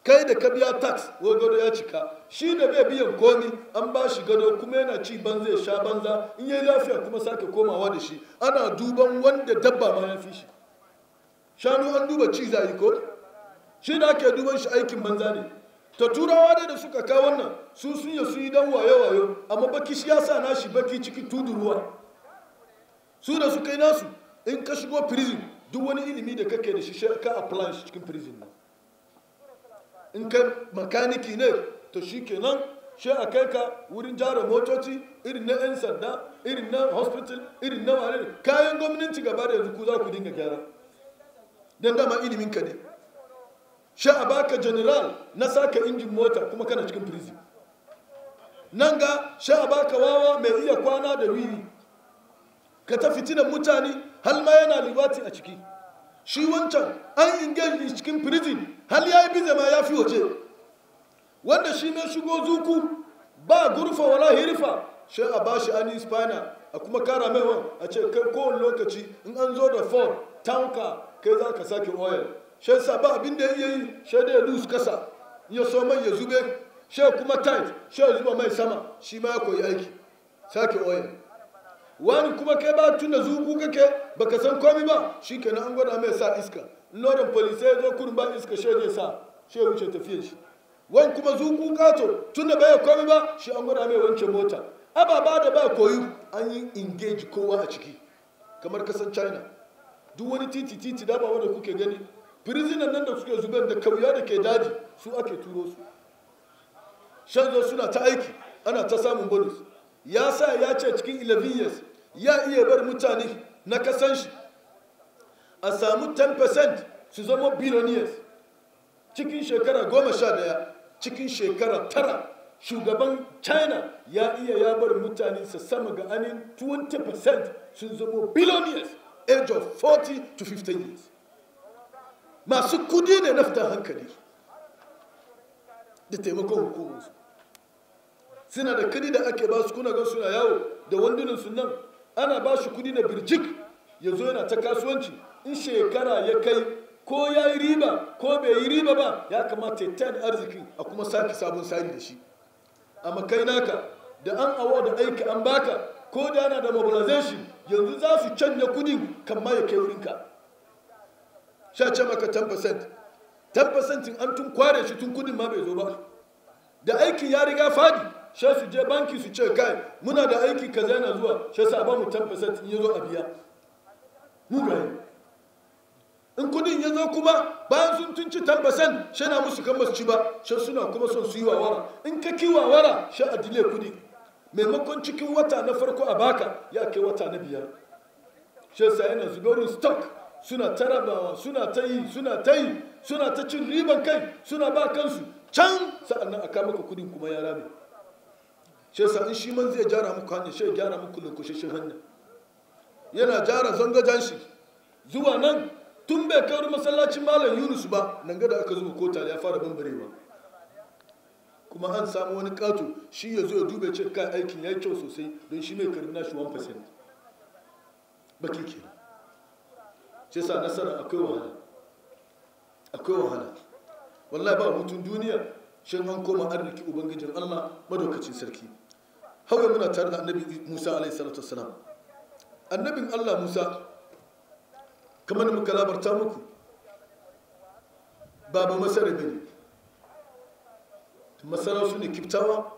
kai da ka biya tax wa gado ya cika shi da bai biyan komi an ba shi gado kuma yana ci banza ya sha banza in yi lafiya kuma sake komawa da shi ana duban wanda dabba ma ya fi shi shanu an duba ci zai ko shi da ake duban shi aikin banza ne ta turawa dai da suka kai wannan su sun yi su yi dan wayo-wayo amma baki shi ya sa nashi baki ciki tuduruwa su da suka yi nasu in ka shigo prison duk wani ilimi da kake da shi shi ka apply shi cikin prison ne in ka makaniki ne to shi kenan shi a kai ka wurin jara motoci irin na 'yan sanda irin na hospital irin na wane kayan gwamnati gaba da yanzu ku za ku dinga gyara don dama ilimin ka ne sha a baka general na saka injin mota kuma kana cikin prison nan ga sha a baka wawa mai iya kwana da wiri ka ta fitinan mutane hal ma yana liwati a ciki shi wancan an ingeji cikin prison hal ya yi bize ma ya fi waje wanda shi ne shigo zuku ba gurfa wala hirifa shi a ba shi ani spina a kuma kara mai a ce kai kowane lokaci in an zo da ford tanka kai za ka sake oil shai abin da ya yi shai da ya lose kasa ya so mai ya zube shai kuma tight shai zuba mai sama shi ma ya koyi aiki sake oye wani kuma kai ba tun da zuku kake baka san komi ba shi kenan an gwada mai sa iska lorin polisai ya zo kurin ba iska shai zai sa shi ya wuce tafiye shi wani kuma zuku kato tun da bai komi ba shi an gwada mai wanke mota ababa da ba koyi an yi engage kowa a ciki kamar kasan china duk wani titi titi da ba wanda kuke gani firizinan nan da suke zubar da kauya da ke daji su ake turo su shan zo suna ta aiki ana ta samun bonus ya sa ya ce cikin 11 years ya iya bar mutane na kasan shi a samu 10% su zama billionaires cikin shekara goma sha daya cikin shekara tara shugaban china ya iya ya bar mutane su sama ga anin 20% sun zama billionaires age of 40 to 50 years masu kudi ne na fita hankali da taimakon hukumarsu suna da kudi da ake ba su kuna gan suna yawo da wandunan sunan ana ba shi kudi na birjik ya zo yana ta kasuwanci in shekara ya kai ko ya yi riba ko bai yi riba ba ya kamata ya tayin arziki a kuma sake sabon sari da shi a makai naka da an awa da aiki an baka ko da yana da mobilization yanzu za su canja kudi kan ma ya kai sha ce maka 10% 10% an tun kware shi tun kudin ma bai zo ba da aiki ya riga fadi sha su je banki su ce kai muna da aiki kaza yana zuwa sha sa ba mu 10% in ya zo a biya mu ga in kudin ya zo kuma bayan sun tunci 10% sha na musu kan basu ci ba sha suna kuma son su yi wawara in ka ki wawara sha a dile kudi maimakon cikin wata na farko a baka ya kai wata na biyar shi sa yana zubarin stock suna ta rabawa suna ta yi suna ta yi suna ta cin riban kai suna ba kansu can sa'annan a kama kudin kuma ya rame shi yasa in shi man zai gyara muku hanyar shi gyara muku lankwashashin hanya yana gyara zangajan shi zuwa nan tun bai kawo masallacin malam yunus ba nan gada aka zuba kota ya fara bambarewa kuma an samu wani kato shi ya zo ya dube ce kai aikin ya yi kyau sosai don shi mai karbi nashi 1% baki kenan shi sa nasara akwai wahala akwai wahala wallahi ba mutum duniya shin an koma arziki ubangijin Allah madaukacin sarki hawai muna tare da annabi Musa alaihi salatu wassalam annabin Allah Musa kamar muka labarta muku baba masara ne masara su ne kiftawa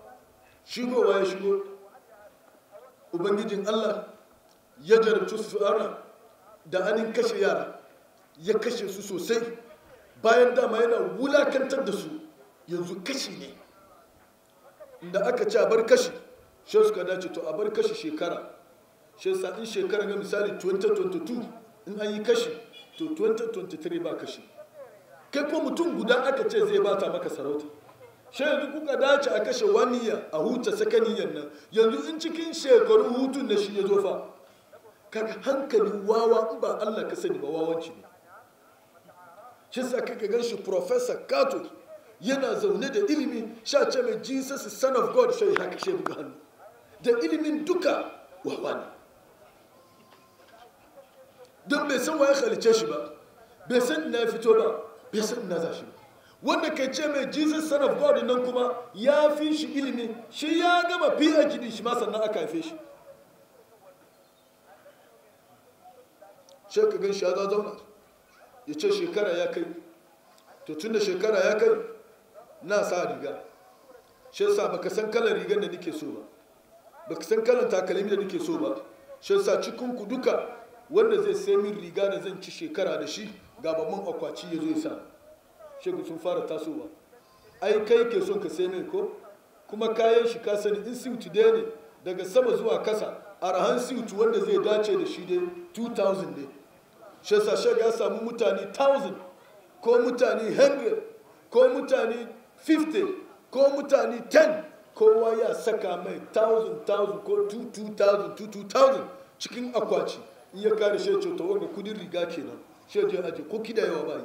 shigowa ya shigo ubangijin Allah ya jarabci su fi'ara da hannun kashe yara ya kashe su sosai bayan dama yana wulakantar da su yanzu kashi ne da aka ce a bar kashi shi suka dace to a bar kashi shekara shi sa shekara ga misali 2022 in an yi kashi to 2023 ba kashi kai ko mutum guda aka ce zai bata maka sarauta shi yanzu kuka dace a kashe waniya a huta sakaniyan nan yanzu in cikin shekaru hutun da shi ya zofa kaga hankali wawa in ba Allah ka sani ba wawanci ne shi sa kaka gan shi professor kato yana zaune da ilimi sha ce mai jesus son of god sai haka shi buga hannu da ilimin duka wawa ne don bai san waye halice shi ba bai san ina fito ba bai san ina za shi ba wanda kai ce mai jesus son of god nan kuma ya fi shi ilimi shi ya gama phd shi ma sannan aka haife shi sai ka gan shi ya zauna ya ce shekara ya kai to tun da shekara ya kai na sa riga shi ba baka san kalan rigar da nake so ba baka san kalan takalmi da nake so ba shi sa cikin ku duka wanda zai sai min riga da zan ci shekara da shi ga babban akwaci ya zo sa shegu sun fara tasowa ai kai ke son ka sai min ko kuma kayan shi ka sani in suit dai ne daga sama zuwa kasa arahan siutu wanda zai dace da shi dai 2000 ne shasa shaga ya samu mutane 1000 ko mutane 100 ko mutane 50 ko mutane 10 kowa ya saka mai 1000 ko 2000 2000 cikin akwaci in ya kare shi ce tawar da kudin riga kenan shi je aje ko kida yawa bai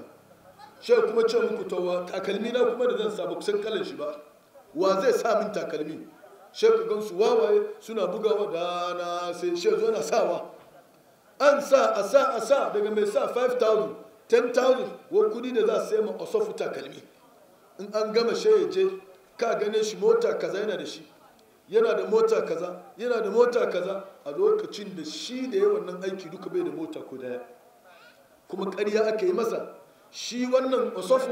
shi kuma ce muku tawa takalmi na kuma da zan samu kusan kalan shi ba wa zai sa min takalmi shi ga gansu wawaye suna bugawa da na sai shi zo na sawa an sa a sa a sa daga mai sa 5,000 10,000 wa kudi da za a sai ma osofu takalmi in an gama shayace ka gane shi mota kaza yana da shi yana da mota kaza yana da mota kaza a lokacin da shi da ya wannan aiki duka bai da mota ko daya kuma karya aka yi masa shi wannan osofu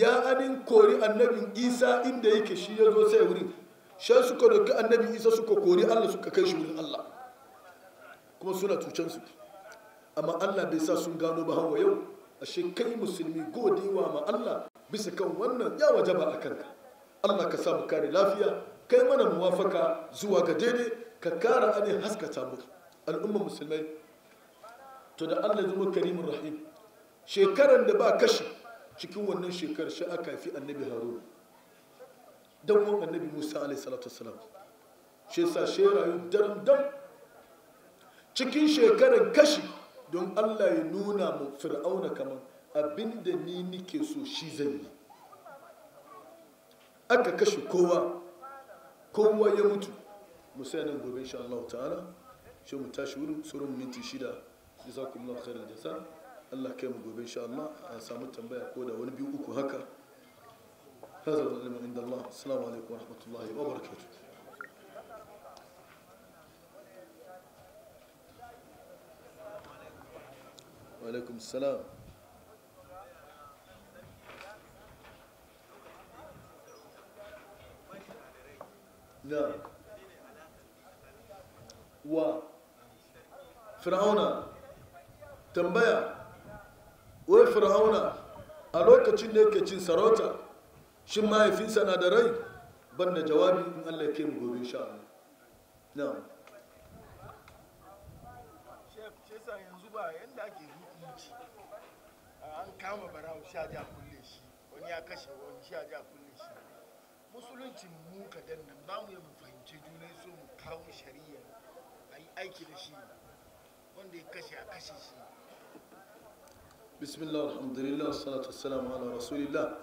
ya anin kori annabin isa inda yake shi ya zo sai wurin shan suka doki annabi isa suka kori allah suka kai shi wurin allah kuma suna cucansu amma allah bai sa sun gano ba hawa yau ashe kai musulmi godewa ma allah bisa kan wannan ya ba a kanka allah ka samu kare lafiya kai mana muwafaka zuwa ga daidai ka kara anin haskata mu al'ummar musulmai to da allah zama karimin rahim shekaran da ba kashi cikin wannan shekarar shi aka haifi annabi haruna dan annabi musa alaihi salatu wasalam shi sa shi rayu daren cikin shekarar kashi don Allah ya nuna mu fir'auna kamar abinda ni nike so shi zan yi aka kashe kowa kowa ya mutu musayanin gobe insha Allah ta'ala shi mu tashi wurin tsoron minti shida jazakumullahu da jaza Allah kai mu gobe insha Allah a samu tambaya ko da wani biyu uku haka هذا العلم عند inda Allah, عليكم ورحمة الله alaikum salam na wa fir'auna tambaya wai fir'auna a lokacin da yake cin sarauta shi mahaifinsa na da rai ban da jawabi in allah ke mu gobe sha na yanzu ba yadda ake daji an kama barawo sha ja kulle shi wani ya kashe wani sha kulle shi musuluncin mu ka ba mu mu fahimci juna so mu kawo shari'a a yi aiki da shi wanda ya kashe a kashe shi bismillah alhamdulillah salatu wassalamu ala rasulillah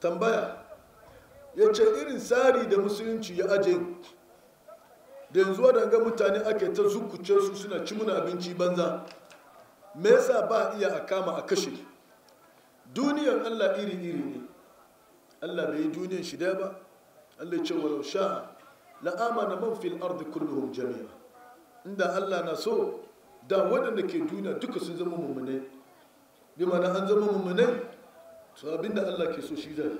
tambaya ya ce irin tsari da musulunci ya aje da yanzu wadanga mutane ake ta zukuce su suna ci muna abinci banza me yasa ba iya a kama a kashe duniyar allah iri-iri ne allah bai yi duniyar shi daya ba allah ce walau sha'a la'ama na man ardi kulluhum jami'a inda allah na so da waɗanda ke duniya duka sun zama mummunai bi mana an zama mummunai to abinda allah ke so shi zai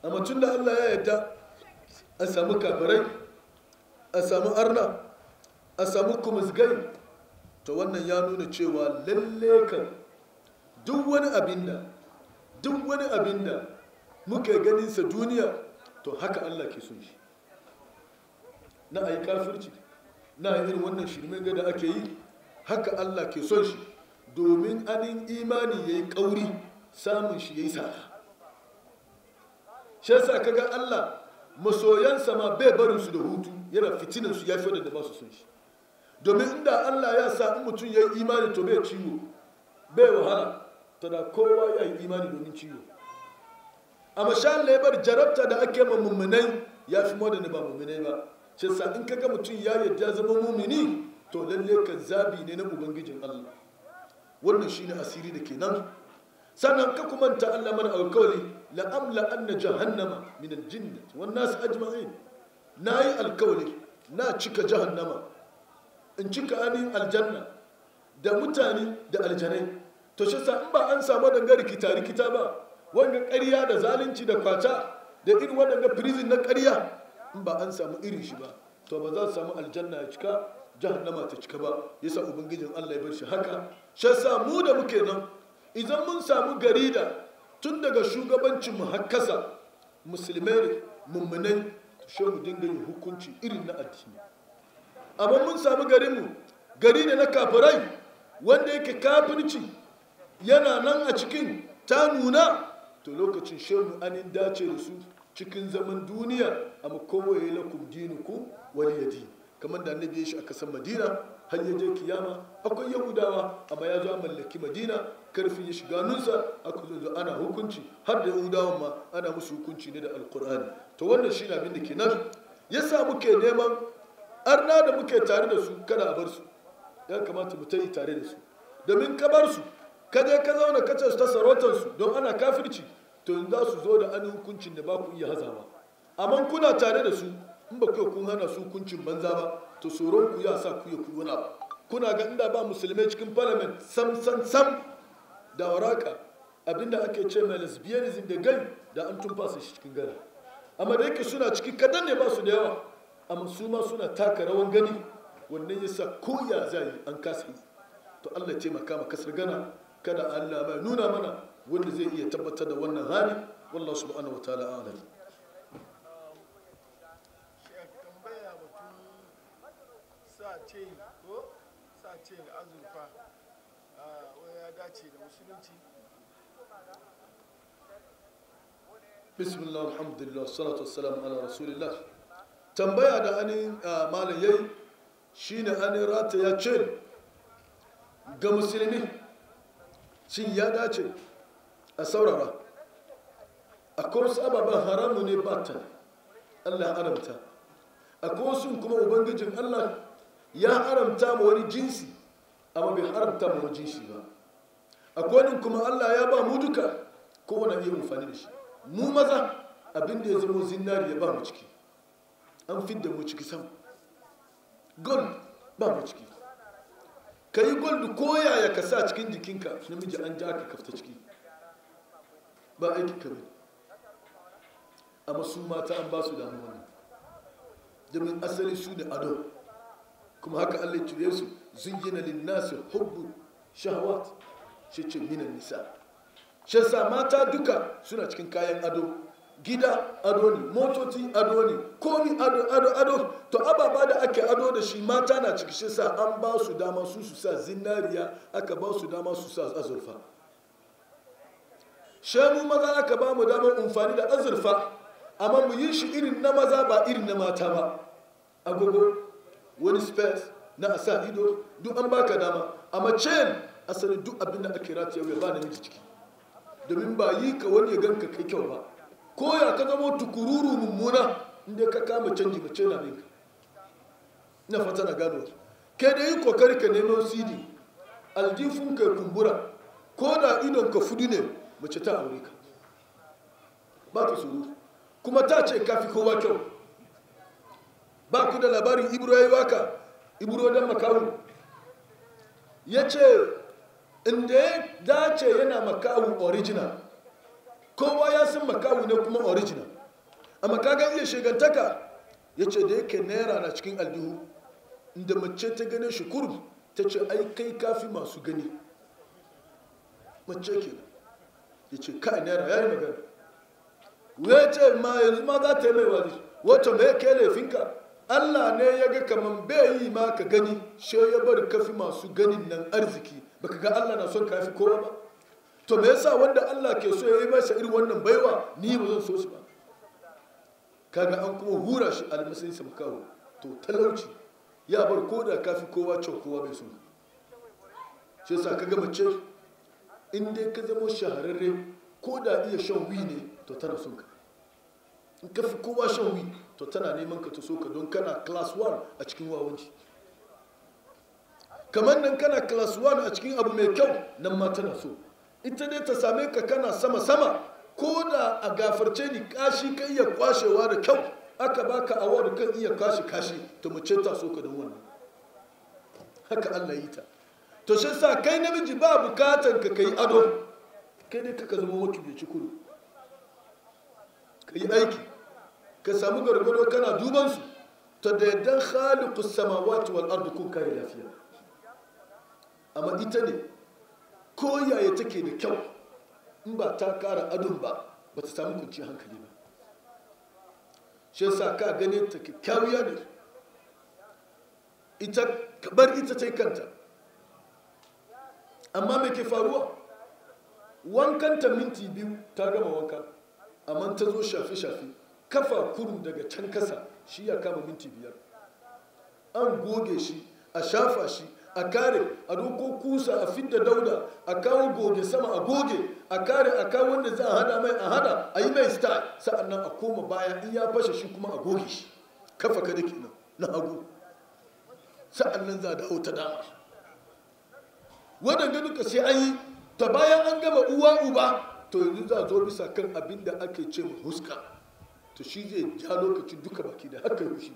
A tun da allah ya yadda a samu kafirai a samu arna a samu kumisgai to wannan ya nuna cewa lalle kan duk wani abin da duk wani abin da muka sa duniya to haka allah ke son shi na a kafirci na irin wannan shirme ga da ake yi haka allah ke son shi domin anin imani yayi kauri samun shi ya yi sara shi yasa kaga allah masoyan sama bai barin su da hutu yana su ya fi da ba su son shi domin inda Allah ya sa in mutum ya yi imani to bai ciwo bai wahala to da kowa ya yi imani domin ciwo A shan laibar jarabta da ake ma mummunai ya fi moda ba mummunai ba shi sa in kaga mutum ya yadda zama mumini to lalle ka zabi ne na ubangijin Allah wannan shine asiri da kenan sannan ka kumanta Allah mana alkawali la'amla anna jahannama min aljinnati wan nas ajma'in nayi alkawali na cika jahannama in cika ainihin aljanna da mutane da aljanai to shi sa in ba an samu danga rikita rikita ba wanga ƙarya da zalunci da kwata da irin waɗanda prison na ƙarya in ba an samu irin shi ba to ba za su samu aljanna ya cika jahannama ta cika ba Ya sa ubangijin Allah ya bar shi haka shi sa mu da muke nan idan mun samu gari da tun daga shugabancin mu hakkasa musulmai mummunai to shi mu dinga yin hukunci irin na addini amma mun samu garinmu gari ne na kafirai wanda yake kafirci yana nan a cikin ta nuna to lokacin an yi dace da su cikin zaman duniya a kowa ya lakum dinuku wani yadi kamar da annabi ya shi aka san madina har ya je kiyama akwai yahudawa amma ya zo mallaki madina karfin ya shiga nunsa aka zo ana hukunci har da yahudawan ma ana musu hukunci ne da alkur'ani to wannan shi abin da ke nan ya samu ke neman arna da muke tare da su kada a bar su ya kamata mu tayi tare da su domin ka bar su ka je ka zauna ka ta sarautar su don ana kafirci to in za su zo da an hukuncin da ba ku iya hazawa amma kuna tare da su in ba ku kun hana su hukuncin banza ba to tsoron ku ya sa ku ya ku kuna ga inda ba musulmai cikin parliament sam sam sam da waraka abinda ake ce mai lesbianism da gay da an tumfasa shi cikin gari amma da yake suna ciki kadan ne ba su da yawa amma su ma suna taka rawan gani wannan sa koya za yi an kasa yi to allah ce maka ma kasar gana kada allah bai nuna mana wanda zai iya tabbatar da wannan hali wallah subhanahu wa ta'ala alam da azurfa wani ya bismillah alhamdulillah salatu wassalamu ala rasulillah tambaya da anin malam yayi shine anin rata ya ce ga musulmi cin ya dace a saurara A wasu ababen haramu ne bata allah haramta akwai wasu kuma ubangijin allah ya haramta ma wani jinsi amma bai haramta ma wani jinsi ba akwai wani kuma allah ya ba mu duka kowane iya amfani da shi mu maza abinda ya zama zinari ya ba mu ciki an fi da mu sam gold ba mu ka yi gold ko yaya ka sa cikin jikinka namiji an ja ka kafta ciki ba aiki ka bane amma mata an ba su damuwa ne domin asali su da ado kuma haka allah cire su zingina linnasi hubbu shahawat shi ce minan nisa shi sa mata duka suna cikin kayan ado gida ado ne motoci ado ne komi ado ado ado to ababa da ake ado da shi mata na ciki shi sa an ba su dama su su sa zinariya aka ba su dama su sa azurfa shanu maza aka ba mu damar amfani da azurfa amma mu yi shi irin na maza ba irin na mata ba agogo wani space na asa ido duk an baka dama amma chain asali duk abin da ake rataya ba na namiji ciki domin ba yi ka wani ya ganka kai kyau ba koya ka zama tukururu mummuna inda ka kama canji mace na ninka na fata na gano ke da yi kokari ka nemo cd aljifin ka kumbura ko da idon ka fudu ne mace ta aure ka ba ka suru kuma ta ce ka kowa kyau ba ku da labarin ibro ya yi waka ibro don makawu ya ce inda ya dace yana makawu original kowa ya san makawu ne kuma original amma kaga iya shigantaka ya ce da yake naira na cikin aljihu inda mace ta gane shi ta ce ai kai kafi masu gani mace ke ya ce kai naira ya yi magana ya ce ma yanzu ma za ta yi mai wani wata mai kai laifinka allah ne ya ga kamar bai yi ma ka gani shi ya bari kafi masu ganin nan arziki baka ga allah na son kafi kowa ba to me yasa wanda Allah ke so yayi masa irin wannan baiwa ni ba zan so shi ba kaga an kuma hura shi almasin sa makawo to talauci ya bar koda kafi kowa cewa kowa bai so shi yasa kaga mace in dai ka zama shahararre ko da iya shan wi ne to tana son ka in ka fi kowa shan wi to tana neman ka ta so ka don kana class 1 a cikin wawanci kamar nan kana class 1 a cikin abu mai kyau nan ma tana so ita ne ta same ka kana sama-sama ko da a gafarce ni kashi ka iya kwashewa da kyau aka baka awar kan iya kashi kashi to mace ta so ka da wannan haka Allah yi ta to shi sa kai namiji ba bukatan ka kai ado kai ne kaka zama waki bai cikuru ka yi aiki ka samu gargado kana duban su ta da yadda khaliqus samawati wal ardi kun kai lafiya amma ita ne ko yaya take da kyau in ba ta kara adon ba ba ta samu kunci hankali ba shi sa ka ganin ta kyakkyawiya ne ita kabar ita ta kanta amma mai ke faruwa wankanta minti biyu ta gama wanka amma ta zo shafi-shafi kafa kurun daga can kasa shi ya kama minti biyar an goge shi a shafa shi a kare a roko kusa a fidda dauda a kawo goge sama a goge a kare a kawo wanda za a hada mai a hada a yi mai style sa'annan a koma baya in ya fashe shi kuma a goge shi kafa ka dake nan na hagu sa'annan za a dawo ta dama wadanda duka sai an yi ta bayan an gama uwa uba to yanzu za a zo bisa kan abin da ake ce huska to shi zai ja lokaci duka baki da haka yi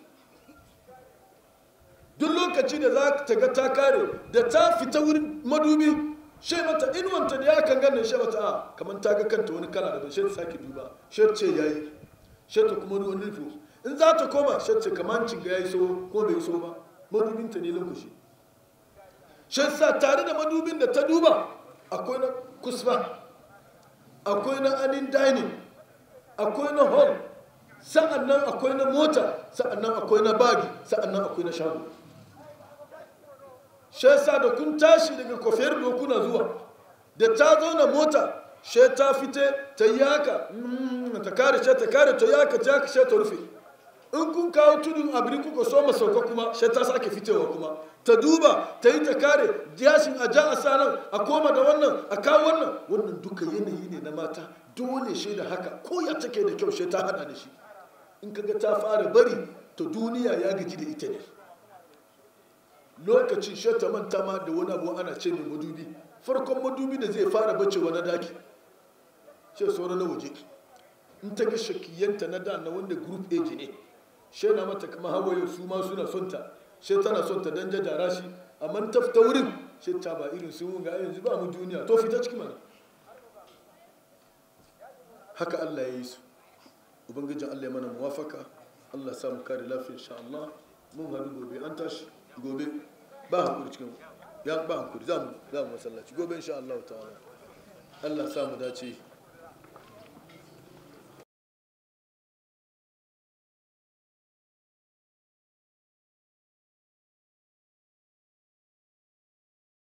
lokaci da za ta ga ta kare da ta fita wurin madubi shai mata inuwanta da ya kan gane shai mata a ah, kamar ta ga kanta wani kala da shai ta sake duba shai ce ya yi shai ta kuma ruwan nufo in za ta koma shai ce kamar cin ya yi so ko bai so ba madubin ta ne lokaci Shai sa tare da madubin da ta duba akwai na kusba akwai na anin dining akwai na hall sa'annan akwai na mota sa'annan akwai na bagi sa'annan akwai na shago shi yasa da kun tashi daga kofiyar dokuna zuwa da ta zo na mota shi ta fite ta yi haka mm, ta kare shi ta kare ta yi haka ta haka shi ta rufe in kun kawo tudun abin kuka so sauka kuma shi ta sake fitewa kuma ta duba ta yi ta kare jashin a ja a sa nan a koma da wannan a kawo wannan wannan duka yanayi ne na mata dole shi da haka ko ya take da kyau shi ta hada da shi in kaga ta fara bari to duniya ya gaji da ita ne lokacin shata manta ma da wani abu ana ce mai madubi farkon madubi da zai fara bacewa na daki ce sauran na waje in ta ga shakiyanta na da na wanda group a ne shi na mata kama hawaye su ma suna son ta she tana son ta don jajara shi a ta fita wurin shi ta ba irin sun wunga yanzu ba mu duniya to fita ciki mana haka Allah ya yi su ubangijin Allah ya mana muwafaka Allah samu kare lafiya insha Allah mun hadu gobe an tashi gobe ba hankuri cikin ya ba hankuri za mu masallaci gobe insha Allah ta'ala Allah sa mu dace